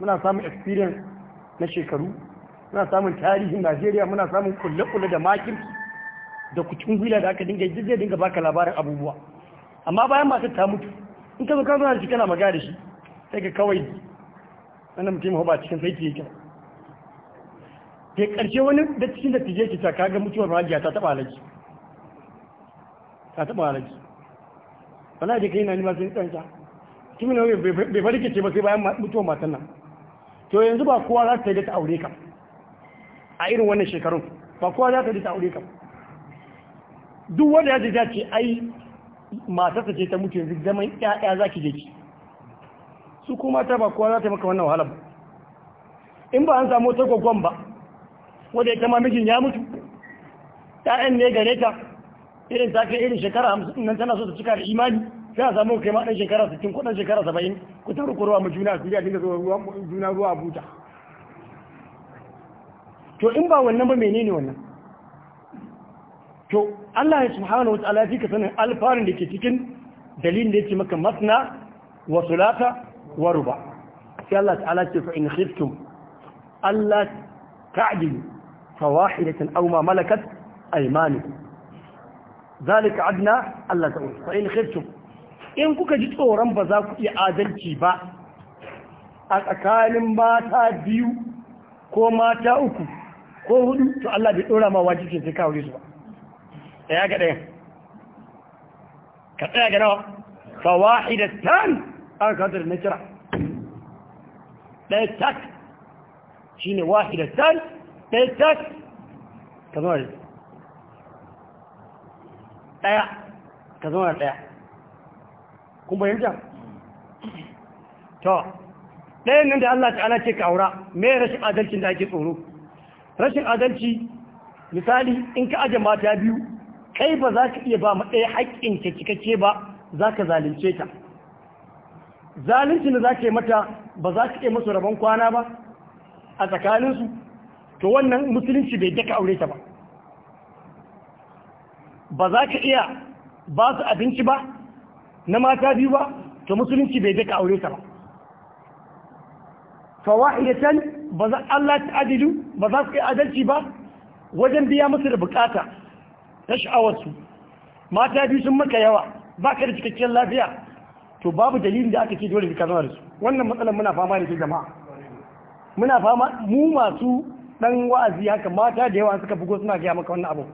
muna samun experience na shekaru muna samun tarihin najeriya muna samun kulle-kulle da makin da kucin gwila da aka dinga yi dinga baka labarin abubuwa amma bayan masu ta mutu in ka zo ka zuwa da shi kana da shi sai ka kawai wanda mutum ba cikin saiti yake ke karshe wani da cikin da tije ki ta kaga mutuwar rajiya ta taba alaji ta taba alaji wani da yi na nima sun sai tsanta ibn rabi bai farke ce ba sai bayan mutuwar matan nan to yanzu ba kowa za ta yi ta aure ka a irin wannan shekarun ba kowa za ta yi ta aure ka duk wanda ya ce za ce ai matarsa ce ta mutu yanzu zaman ƴaƴa za ki je ki su kuma ta ba kowa za ta yi maka wannan wahala ba in ba an samu wata gwaggon ba wanda ya ma mijin ya mutu Ya'yan ne gare ta irin ta kai irin shekara hamsin nan tana so ta cika da imani sai a samu kai ma ɗan shekara 60 ko ɗan shekara 70 ku taru ku ruwa mu juna su ya dinga zuwa ruwa juna ruwa buta to in ba wannan ba menene wannan to Allah subhanahu wataala fi ka sanin alfarin da ke cikin dalilin da yake maka masna wa sulata wa ruba sai Allah ta'ala ce fa in khiftum Allah ta'dilu fawahidatan aw ma malakat aymanukum ذلك عدنا الله تعالى فإن خفتم in kuka ji tsoron ba za ku iya adalci ba a tsakanin mata biyu ko mata uku ko hudu to Allah bai dora ma wajibi sai wuri su ba ya ga ɗaya ka tsaya ga nawa tan aka kawo da nakira ɗaya tak shine tan ɗaya tak ka zama da ɗaya ka zama da ɗaya kun bayyanta to ɗayan nan da Allah ta'ala ce ka aura me rashin adalcin da ake tsoro rashin adalci misali in ka aje mata biyu kai ba za ka iya ba ma ɗaya haƙƙin cika cikakke ba za ka zalunce ta zaluncin da za ka yi mata ba za ka iya masu rabon kwana ba a tsakaninsu to wannan musulunci bai daka aure ta ba ba za ka iya ba su abinci ba na mata biyu ba to musulunci bai daka aure ta ba fawahidatan ba za Allah ta adilu ba za su yi adalci ba wajen biya musu da bukata ta sha'awarsu mata biyu sun maka yawa ba ka da cikakken lafiya to babu dalilin da aka ce dole ka zama da su wannan matsalar muna fama da ke jama'a muna fama mu masu dan wa'azi haka mata da yawa suka bugo suna gaya maka wannan abu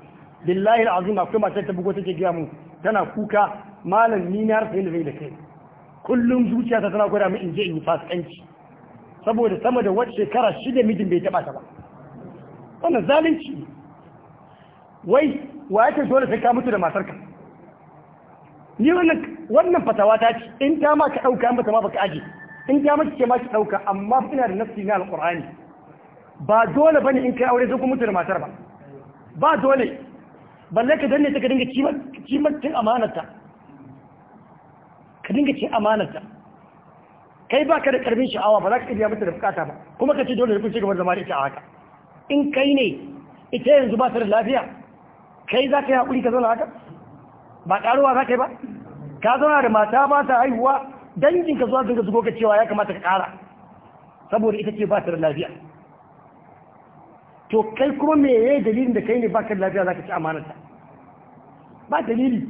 billahi alazim akwai matar ta bugo take gaya mu tana kuka malam ni na rasa ilimi da kai kullum zuciya ta tana gwada min in je in yi fasikanci saboda sama da wata shekara shida mijin bai taba ta ba wannan zalunci ne wai wa yake dole sai ka mutu da matarka ni wannan wannan fatawa ta ce in ta ma ka dauka in ba ma baka aje in ta maki ce ma ka dauka amma ina da nafsi na alqur'ani ba dole bane in kai aure sai ku mutu da matar ba ba dole balle ka danne ta ka dinga kimar kimar cin amanarta ka dinga cin amanarta kai ba ka da karfin sha'awa ba za ka iya mata da bukata ba kuma ka ce dole da kun ci gaban zama da ita a haka in kai ne ita yanzu ba ta da lafiya kai za ka yi haƙuri ka zauna haka ba ƙaruwa za ka yi ba ka zauna da mata ba ta haihuwa danginka zuwa zanga zugo ka cewa ya kamata ka ƙara saboda ita ce ba ta da lafiya to kai kuma me ya yi dalilin da kai ne ba ka da lafiya za ka ci amanarta ba dalili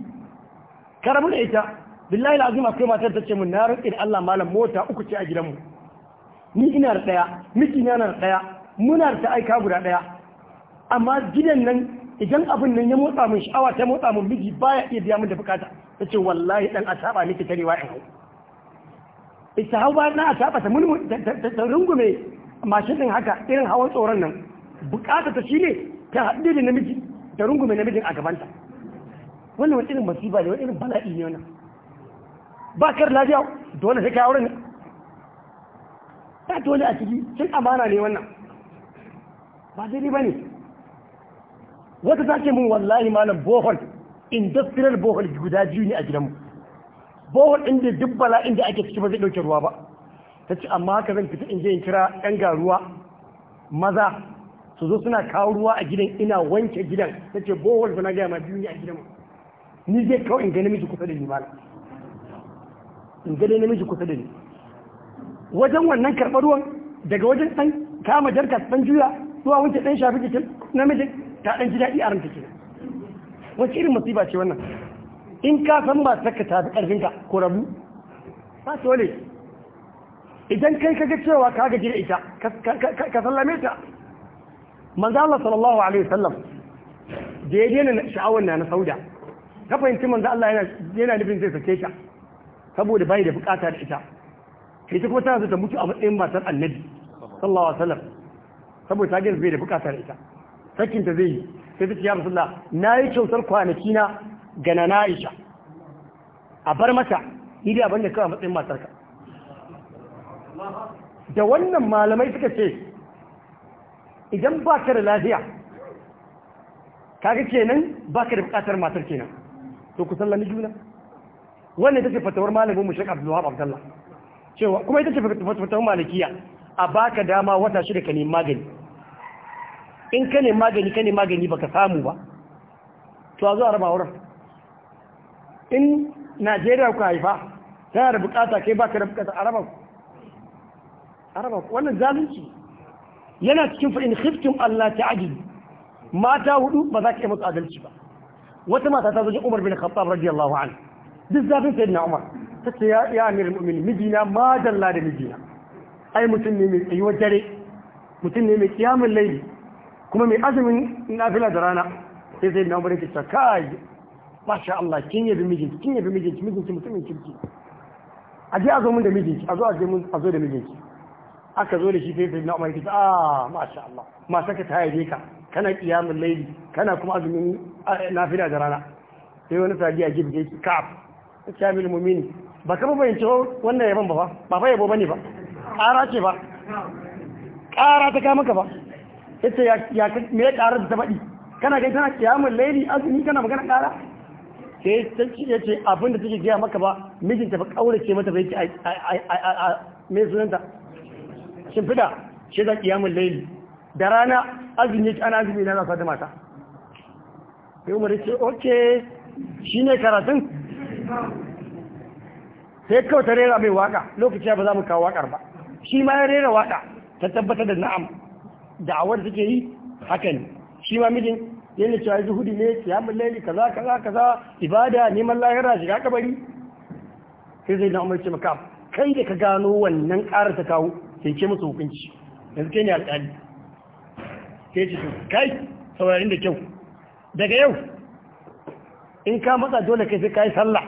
ka rabu da ita billahi azim akwai matar ta ce mun na rike da Allah malam mota uku ce a gidanmu ni ina da ɗaya miki na na ɗaya muna da ta aika guda ɗaya amma gidan nan idan abin nan ya motsa min sha'awa ta motsa min miji baya iya biya min da bukata ta ce wallahi dan asaba miki ta rewa in hau ita hawa na asaba ta mun ta rungume mashin din haka irin hawan tsoron nan bukata ta shine ta haɗu da namiji ta rungume namijin a gabanta wannan wani irin masifa ne wani irin bala'i ne wannan ba kar lafiya dole sai ka aure ne ta dole a ciki cin amana ne wannan ba daidai ba ne wata ta ce mun wallahi malam bohol industrial bohol guda biyu ne a gidanmu bohol inda dubbala inda ake ciki ba zai ɗauke ruwa ba ta ce amma haka zan fita in je in kira ɗan garuwa maza su zo suna kawo ruwa a gidan ina wanke gidan ta ce bohol suna gaya ma biyu ne a gidanmu ni zai kawo in gani namiji kusa da ni malam in ga dai namiji kusa da ni wajen wannan karɓar ruwan daga wajen ɗan kama jarka ɗan juya zuwa wancan ɗan shafi jikin namiji ta ɗan ji daɗi a ranta ke wacce irin masifa ce wannan in ka san ba saka ta fi ƙarfinka ko rabu ba su wale idan kai ka ga cewa ka gaji da ita ka sallame ta manzo Allah sallallahu alaihi wasallam da ya daina sha'awar na na sauda ka fahimci manzo Allah yana nufin zai sake ta saboda bai da bukata da ita ta kuma tana so ta mutu a matsayin matar annabi sallallahu alaihi wasallam saboda ta gina bai da bukata da ita sakin ta zai yi sai ta ce ya rasulullah na yi kyautar kwanaki na ga na Aisha a bar mata idi abin da kawai matsayin matarka da wannan malamai suka ce idan ba ka da lafiya kaga kenan ba ka da bukatar matar kenan to ku sallami juna wannan ita ce fatawar malamin mu Sheikh Abdul Abdullah cewa kuma ita ce fatawar malikiya a baka dama wata shida ka nemi magani in ka nemi magani ka nemi magani baka samu ba to a zo a raba wurin in Najeriya ku haifa tana da bukata kai baka da bukata a raba ku a raba ku wannan zalunci yana cikin fa in khiftum Allah ta'dil mata hudu ba za ka yi musu adalci ba wata mata ta zo Umar bin Khattab radiyallahu anhu duk zafin sai na umar ta ce ya ya amir mu'min mijina ma dalla da mijina ai mutum ne mai tsayuwar dare mutum ne mai kiyamun laili kuma mai azumin nafila da rana sai sai na umar ya ce kai masha Allah kin yabi mijinki kin yabi mijin mijinki mutumin kirki a je a zo mun da mijin a zo a je mun a zo da mijinki aka zo da shi sai na umar kita ah masha Allah ma saka ta yaje ka kana kiyamun laili kana kuma azumin eh, nafila da rana sai wani sahabi ya gibi ka kamil mu'min ba ka bayyance wannan yaban ba fa ba fa yabo bane ba ƙara ce ba ƙara ta kama ka ba ita ya ya me ya ƙara da faɗi kana ga tana kiyamul lairi, azumi kana magana ƙara sai ta ce yace abin da take gaya maka ba mijinta ba kaurace mata ba a me sunanta shimfida shi da kiyamul laili da rana azumi yake ana azumi na zasa da mata sai umar ce okay shine karatun sai kawai ta rera mai waka lokaci ba za mu kawo wakar ba shi ma ya rera waka ta tabbatar da na'am da da'awar suke yi haka ne shi ma mijin yana cewa hudu ne ya laili kaza kaza kaza ibada neman lahira shiga kabari sai zai na umar ce maka kai da ka gano wannan ƙara ta kawo sai ke musu hukunci yanzu ne alƙali sai ce kai saurarin da kyau daga yau in ka matsa dole kai sai ka yi sallah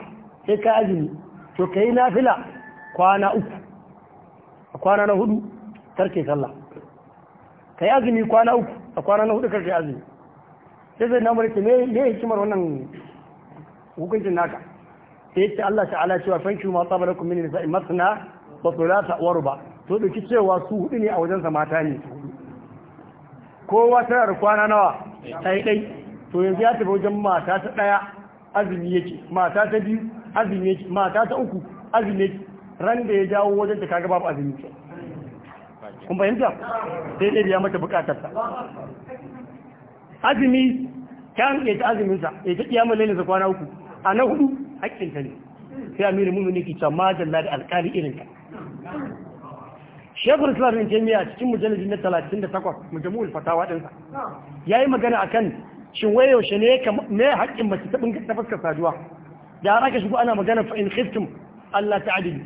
sai ka azumi to ka yi nafila kwana uku a kwana na hudu tarke sallah ka yi azumi kwana uku a kwana na hudu karke azumi sai zai na mulki ne me hikimar wannan hukuncin naka sai ce Allah ta'ala cewa fanki ma tsaba lakum min nisa'i masna wa thulatha wa ruba to dauki cewa su hudu ne a wajen sa mata ne kowa tana da kwana nawa sai dai to yanzu ya tafi wajen mata ta daya azumi yake mata ta biyu azumi yake mata ta uku azumi yake ran da ya jawo wajen da kaga babu azumi kun fahimta sai dai biya mata bukatarsa azumi kan ya ta azumin sa ya ta kiyamul lailin sa kwana uku a na hudu hakkin ta ne sai amirin mu'minin ke cewa majalla da alƙali irin ka shekul islam ibn taymiya cikin mujallidi na 38 mujamul fatawa ɗinsa, ya yi magana akan shin wai yaushe ne ne haƙƙin mace ta binga ta saduwa da aka shigo ana magana fa in khiftum Allah ta'ala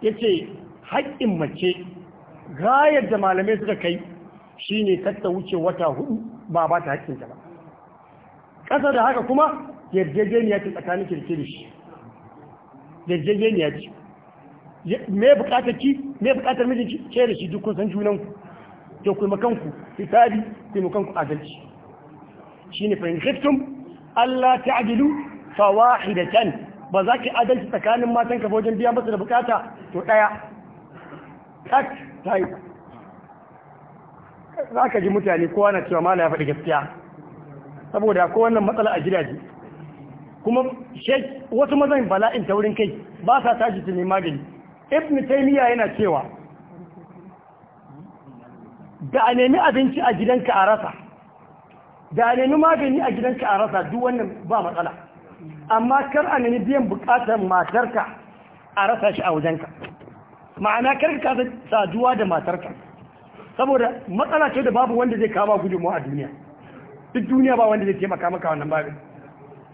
yace haƙƙin mace gayar da malamai suka kai shine katta wuce wata hudu ba ba ta haƙƙinta ba ƙasa da haka kuma yarjejeniya ce tsakanin kirki da shi yarjejeniya ce me bukatar me bukatar mijinki ce da shi duk kun san junan to kanku makanku hisabi mu kanku adalci shine fa in khiftum Allah ta'dilu fawahidatan ba za ki adalci tsakanin matan ka wajen biya masa da bukata to daya tak tai za ka ji mutane kowa na cewa mala ya faɗi gaskiya saboda ko wannan matsala a gidaje kuma wasu mazan bala'in ta wurin kai ba sa tashi su magani ibn taymiya yana cewa da a nemi abinci a gidanka a rasa da a nemi magani a gidanka a rasa duk wannan ba matsala amma kar a nemi biyan bukatar matarka a rasa shi a wajenka ma'ana kar ka saduwa da matarka saboda matsala ce da babu wanda zai kama gudunmawa a duniya duk duniya ba wanda zai taimaka maka wannan babin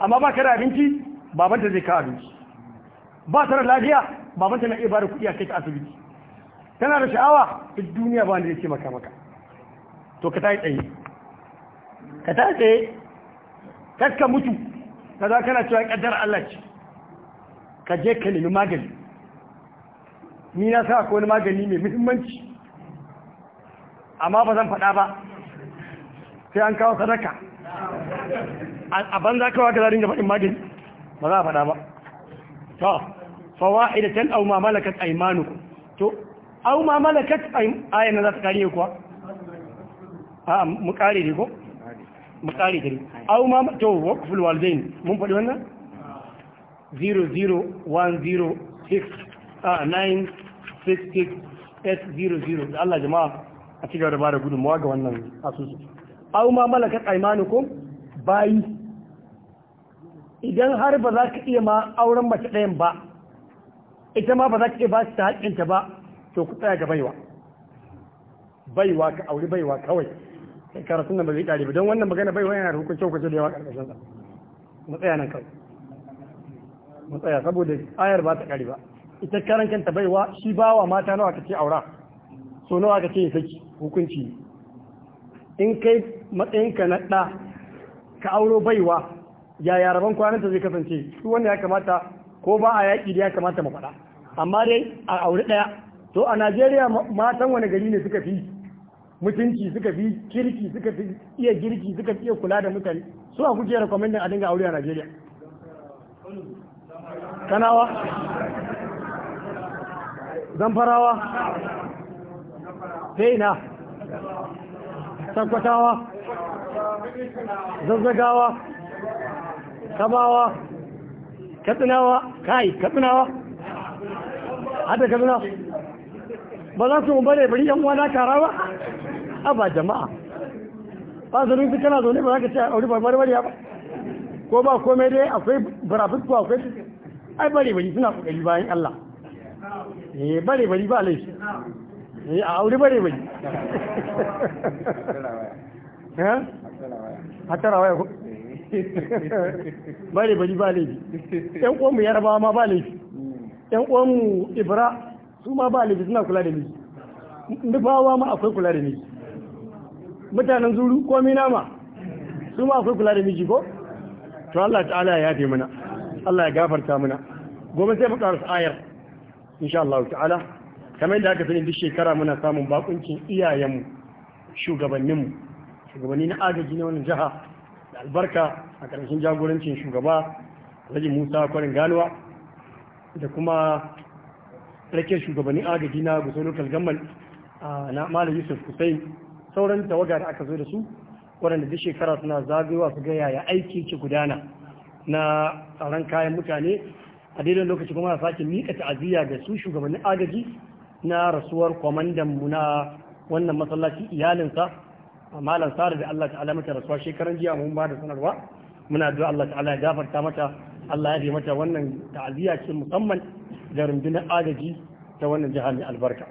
amma ba kar da abinci babanta zai kawo abinci ba ta da lafiya babanta na iya ba kuɗi a kai ta asibiti kana da sha'awa duk duniya ba wanda yake maka maka to ka tayi tsaye ka tayi tsaye kakka mutu ka za kana cewa kaddar Allah ce ka je ka nemi magani ni na sa ko wani magani mai muhimmanci amma ba zan faɗa ba sai an kawo sadaka a banza za ka zarin gaba in magani ba za a faɗa ba to fawa'idatan aw ma malakat aymanukum to au ma malakat ayyana za ta kare kuwa a mu kare ne ko mu kare gari au ma to waqful walidain mun fadi wannan 00106 a 966 da Allah jama'a a cigaba da bada gudunmawa ga wannan asusu au ma malakat ko bayi idan har ba za ka iya ma auren mace ɗayan ba ita ma ba za ka iya ba ta haƙƙinta ba to ku tsaya ga baiwa baiwa ka auri baiwa kawai sai karatun nan ba zai kare ba don wannan magana baiwa yana da hukunce hukunce da yawa karkashin sa mu tsaya nan kawai mu tsaya saboda ayar ba ta kare ba ita karan kanta baiwa shi bawa mata nawa kace aura so nawa kace saki hukunci in kai ka na da ka auro baiwa ya kwanan ta zai kasance su wanda ya kamata ko ba a yaƙi da ya kamata mu faɗa amma dai a aure ɗaya to a najeriya matan wani gari ne suka fi mutunci suka fi kirki suka fi iya girki suka fi iya kula da mutane su a kuke rekomendin a dinga aure a najeriya kanawa zamfarawa na. Sakwatawa? zazzagawa kabawa katsinawa kai katsinawa hada katsinawa ba za su mu bare bari yan wana kara ba a ba jama'a ba su rufi kana zaune ba za ka ce a wuri ba bari ba ko ba komai dai akwai burabut ko akwai ai bare bari suna kokari bayan Allah eh bare bari ba laifi eh a wuri bare bari ha eh? a tara waya ko bare bari ba laifi yan uwan mu yarbawa ma ba laifi yan uwan mu ibra su ma ba alibi suna kula da miji nufawa ma akwai kula da miji mutanen zuru mina ma su ma akwai kula da miji ko to Allah ta'ala ya yafe mana Allah ya gafarta mana gobe sai mu su ayar insha Allah ta'ala kamar da aka sani duk shekara muna samun bakuncin iyayenmu shugabanninmu shugabanni na agaji na wannan jiha da albarka a ƙarshen jagorancin shugaba Alhaji Musa Kwarin Ganuwa da kuma rakiyar shugabannin agaji na gusau local na malam yusuf kusain sauran tawaga da aka zo da su waɗanda duk shekara suna zagayowa su ga yaya aiki ke gudana na tsaron kayan mutane a daidai lokaci kuma a sake miƙa ta'aziyya ga su shugabannin agaji na rasuwar kwamandan mu na wannan masallaci iyalinsa malam sare da Allah ta'ala mata rasuwa shekaran jiya mun ba da sanarwa muna addu'a Allah ta'ala ya gafarta mata Allah ya bi mata wannan ta'aziyya ce musamman da rundunar agaji ta wannan jiha mai albarka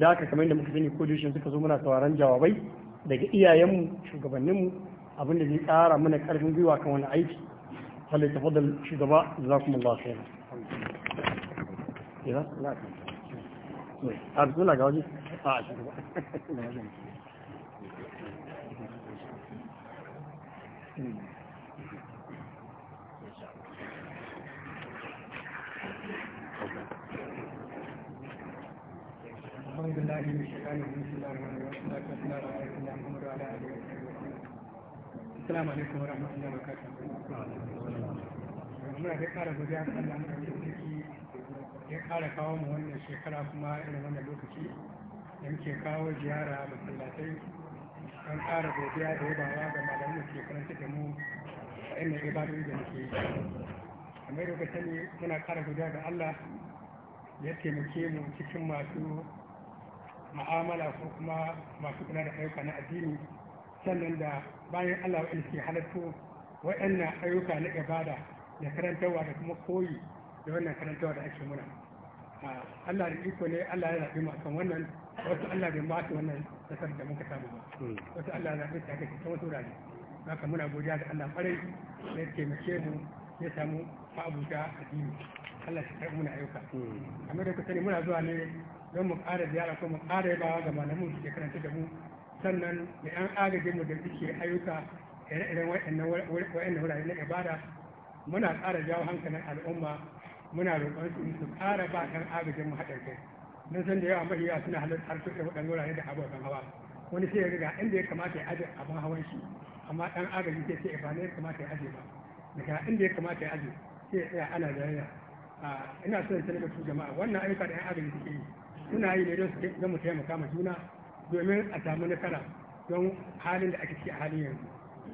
da haka kamar yadda muka gani ko suka zo muna sauraron jawabai daga iyayenmu shugabanninmu abin da zai ƙara mana ƙarfin gwiwa kan wani aiki ta tafadal shugaba za khairan ya na a ga waje a ah, shugaba Thank you. أعوذ بالله من الشيطان الرجيم السلام عليكم ورحمة الله وبركاته muna dai ƙara godiya ga Allah ciki ya ƙara kawo mu wannan shekara kuma irin wannan lokaci da muke kawo ziyara masallatai don kara godiya da yabawa ga malamin da ke karanta da mu a inda ibadoji da muke yi kamar yadda sani muna ƙara godiya ga Allah ya taimake mu cikin masu ma'amala ko kuma masu kula da ayyuka na addini sannan da bayan allah wa'in ke halatto wa'annan ayyuka na ibada da karantarwa da kuma koyi da wannan karantarwa da ake muna allah da iko ne allah ya zaɓi mu akan wannan wasu allah bai mata wannan nasar da muka samu ba hmm. wasu allah ya zaɓi su aka cikin wasu wurare haka muna godiya da allah ƙwarai da ya taimake mu ya samu fa'abuta addini allah ya karɓi muna ayyuka hmm. kamar da kusa ne muna zuwa ne don mu ƙara ziyara ko mu ƙara yabawa ga malamu su ke karanta da mu sannan da ƴan agajin mu da suke ayyuka ire-iren wa'annan wurare na ibada muna ƙara jawo hankalin al'umma muna roƙon su su ƙara ba ɗan agajin mu haɗin kai Don san da yawa mahiya suna halartar da waɗannan wurare da abokan hawa wani sai ya riga inda ya kamata ya aje abin hawan shi amma ɗan agaji sai ce eh, ba ne ya kamata ya aje ba daga inda ya kamata ya aje sai ya tsaya ana jayayya ah, ina son sanar da su jama'a wannan ayyuka da ɗan agaji suke yi suna yi ne don su mu taimaka ma juna domin a samu nasara don halin da ake ciki a halin yanzu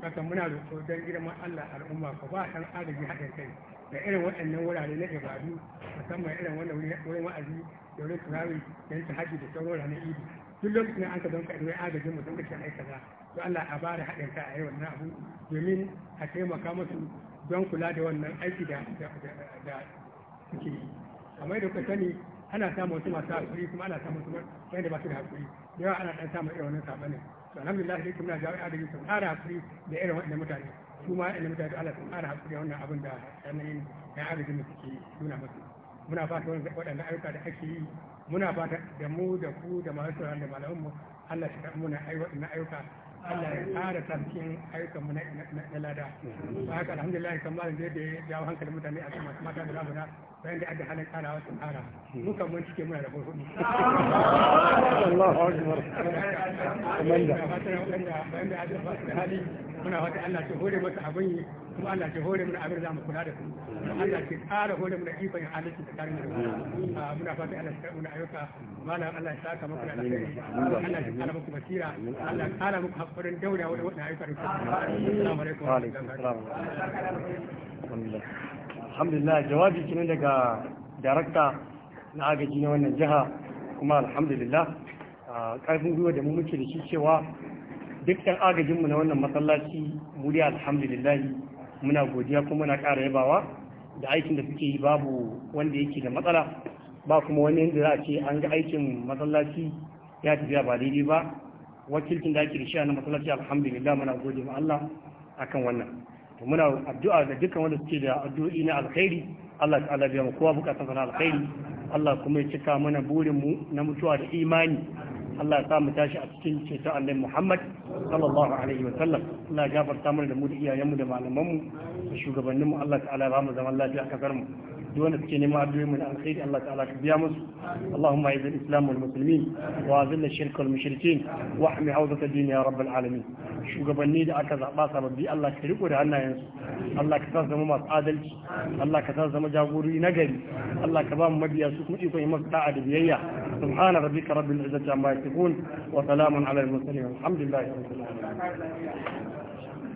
haka muna roƙo don girma Allah al'umma ko ba san agaji haɗin kai da irin waɗannan wurare na ibadu musamman irin wannan wurin wa'azi da wurin turawi da yanzu haji da sauran ranar idi duk lokacin da an ka don ka ɗaya agajin mu don ka ce ai to Allah a bada haɗin kai a yi wannan abu domin a taimaka masu don kula da wannan aiki da suke yi kamar da kuka sani ana samun wasu masu hakuri kuma ana samun wasu wanda ba su da hakuri da yawa ana dan samun irin wannan sabanin to alhamdulillah dai kuma jawo ya daga sun ƙara hakuri da irin wannan mutane su ma irin mutane Allah sun ƙara hakuri wannan abin da yanayin na arzikin da suke nuna musu muna fata waɗannan ayyuka da ake yi muna fata da mu da ku da masu sauraron da mu Allah shi ta muna ayyuka Allah ya ƙara mu na lada ba haka alhamdulillah kamar da ya hankali mutane a kan mata da rabuna bayan da aka halin wasu Mu kan mun cike muna da hudu Allahu akbar bayan da muna wata Allah ta hore masa abin kuma Allah ke hore muna abin da mu kula da su Allah ke tsara hore muna ikon yin adalci da karin da ah, muna fata Allah ya muna ayyuka malam Allah ya saka muku da alheri Allah ya kara muku basira Allah ya kara muku hakurin daura wa wannan ayyuka da ku assalamu alaikum wa alaikum alhamdulillah jawabi kin daga darakta na agaji na wannan jiha kuma alhamdulillah karfin ah, gwiwa da mu muke da shi cewa duk agajinmu na wannan masallaci muri alhamdulillah muna godiya kuma muna ƙara yabawa da aikin da suke yi babu wanda yake da matsala ba kuma wani yadda za a ce an ga aikin masallaci ya tafiya ba daidai ba wakilcin da ake da shi a na masallaci alhamdulillah muna gode ma Allah akan wannan to muna addu'a da dukkan wanda suke da addu'o'i na alkhairi Allah ta'ala biya mu kowa bukatun sana alkhairi Allah kuma ya cika mana burin mu na mutuwa da imani Allah ya samu tashi a cikin ceto annabi Muhammad sallallahu alaihi wa sallam Allah ya gafarta mana da mu da mu da malamanmu da shugabanninmu Allah ta'ala ya ba mu zaman lafiya a kasar mu دون سكين ما أدوي من الخير الله تعالى كبيامس اللهم أعز الإسلام والمسلمين وأذل الشرك والمشركين واحمي عوضة الدين يا رب العالمين شو قبلني دا أكا زعباسا ربي الله كريك ودعنا ينسو الله كتاز دمو ماس آدل الله كتاز دمو جاغوري نقري الله كبام مبيا سكم إيكو يمكتاع دبيايا سبحان ربك رب العزة عما يصفون وسلام على المرسلين والحمد لله رب العالمين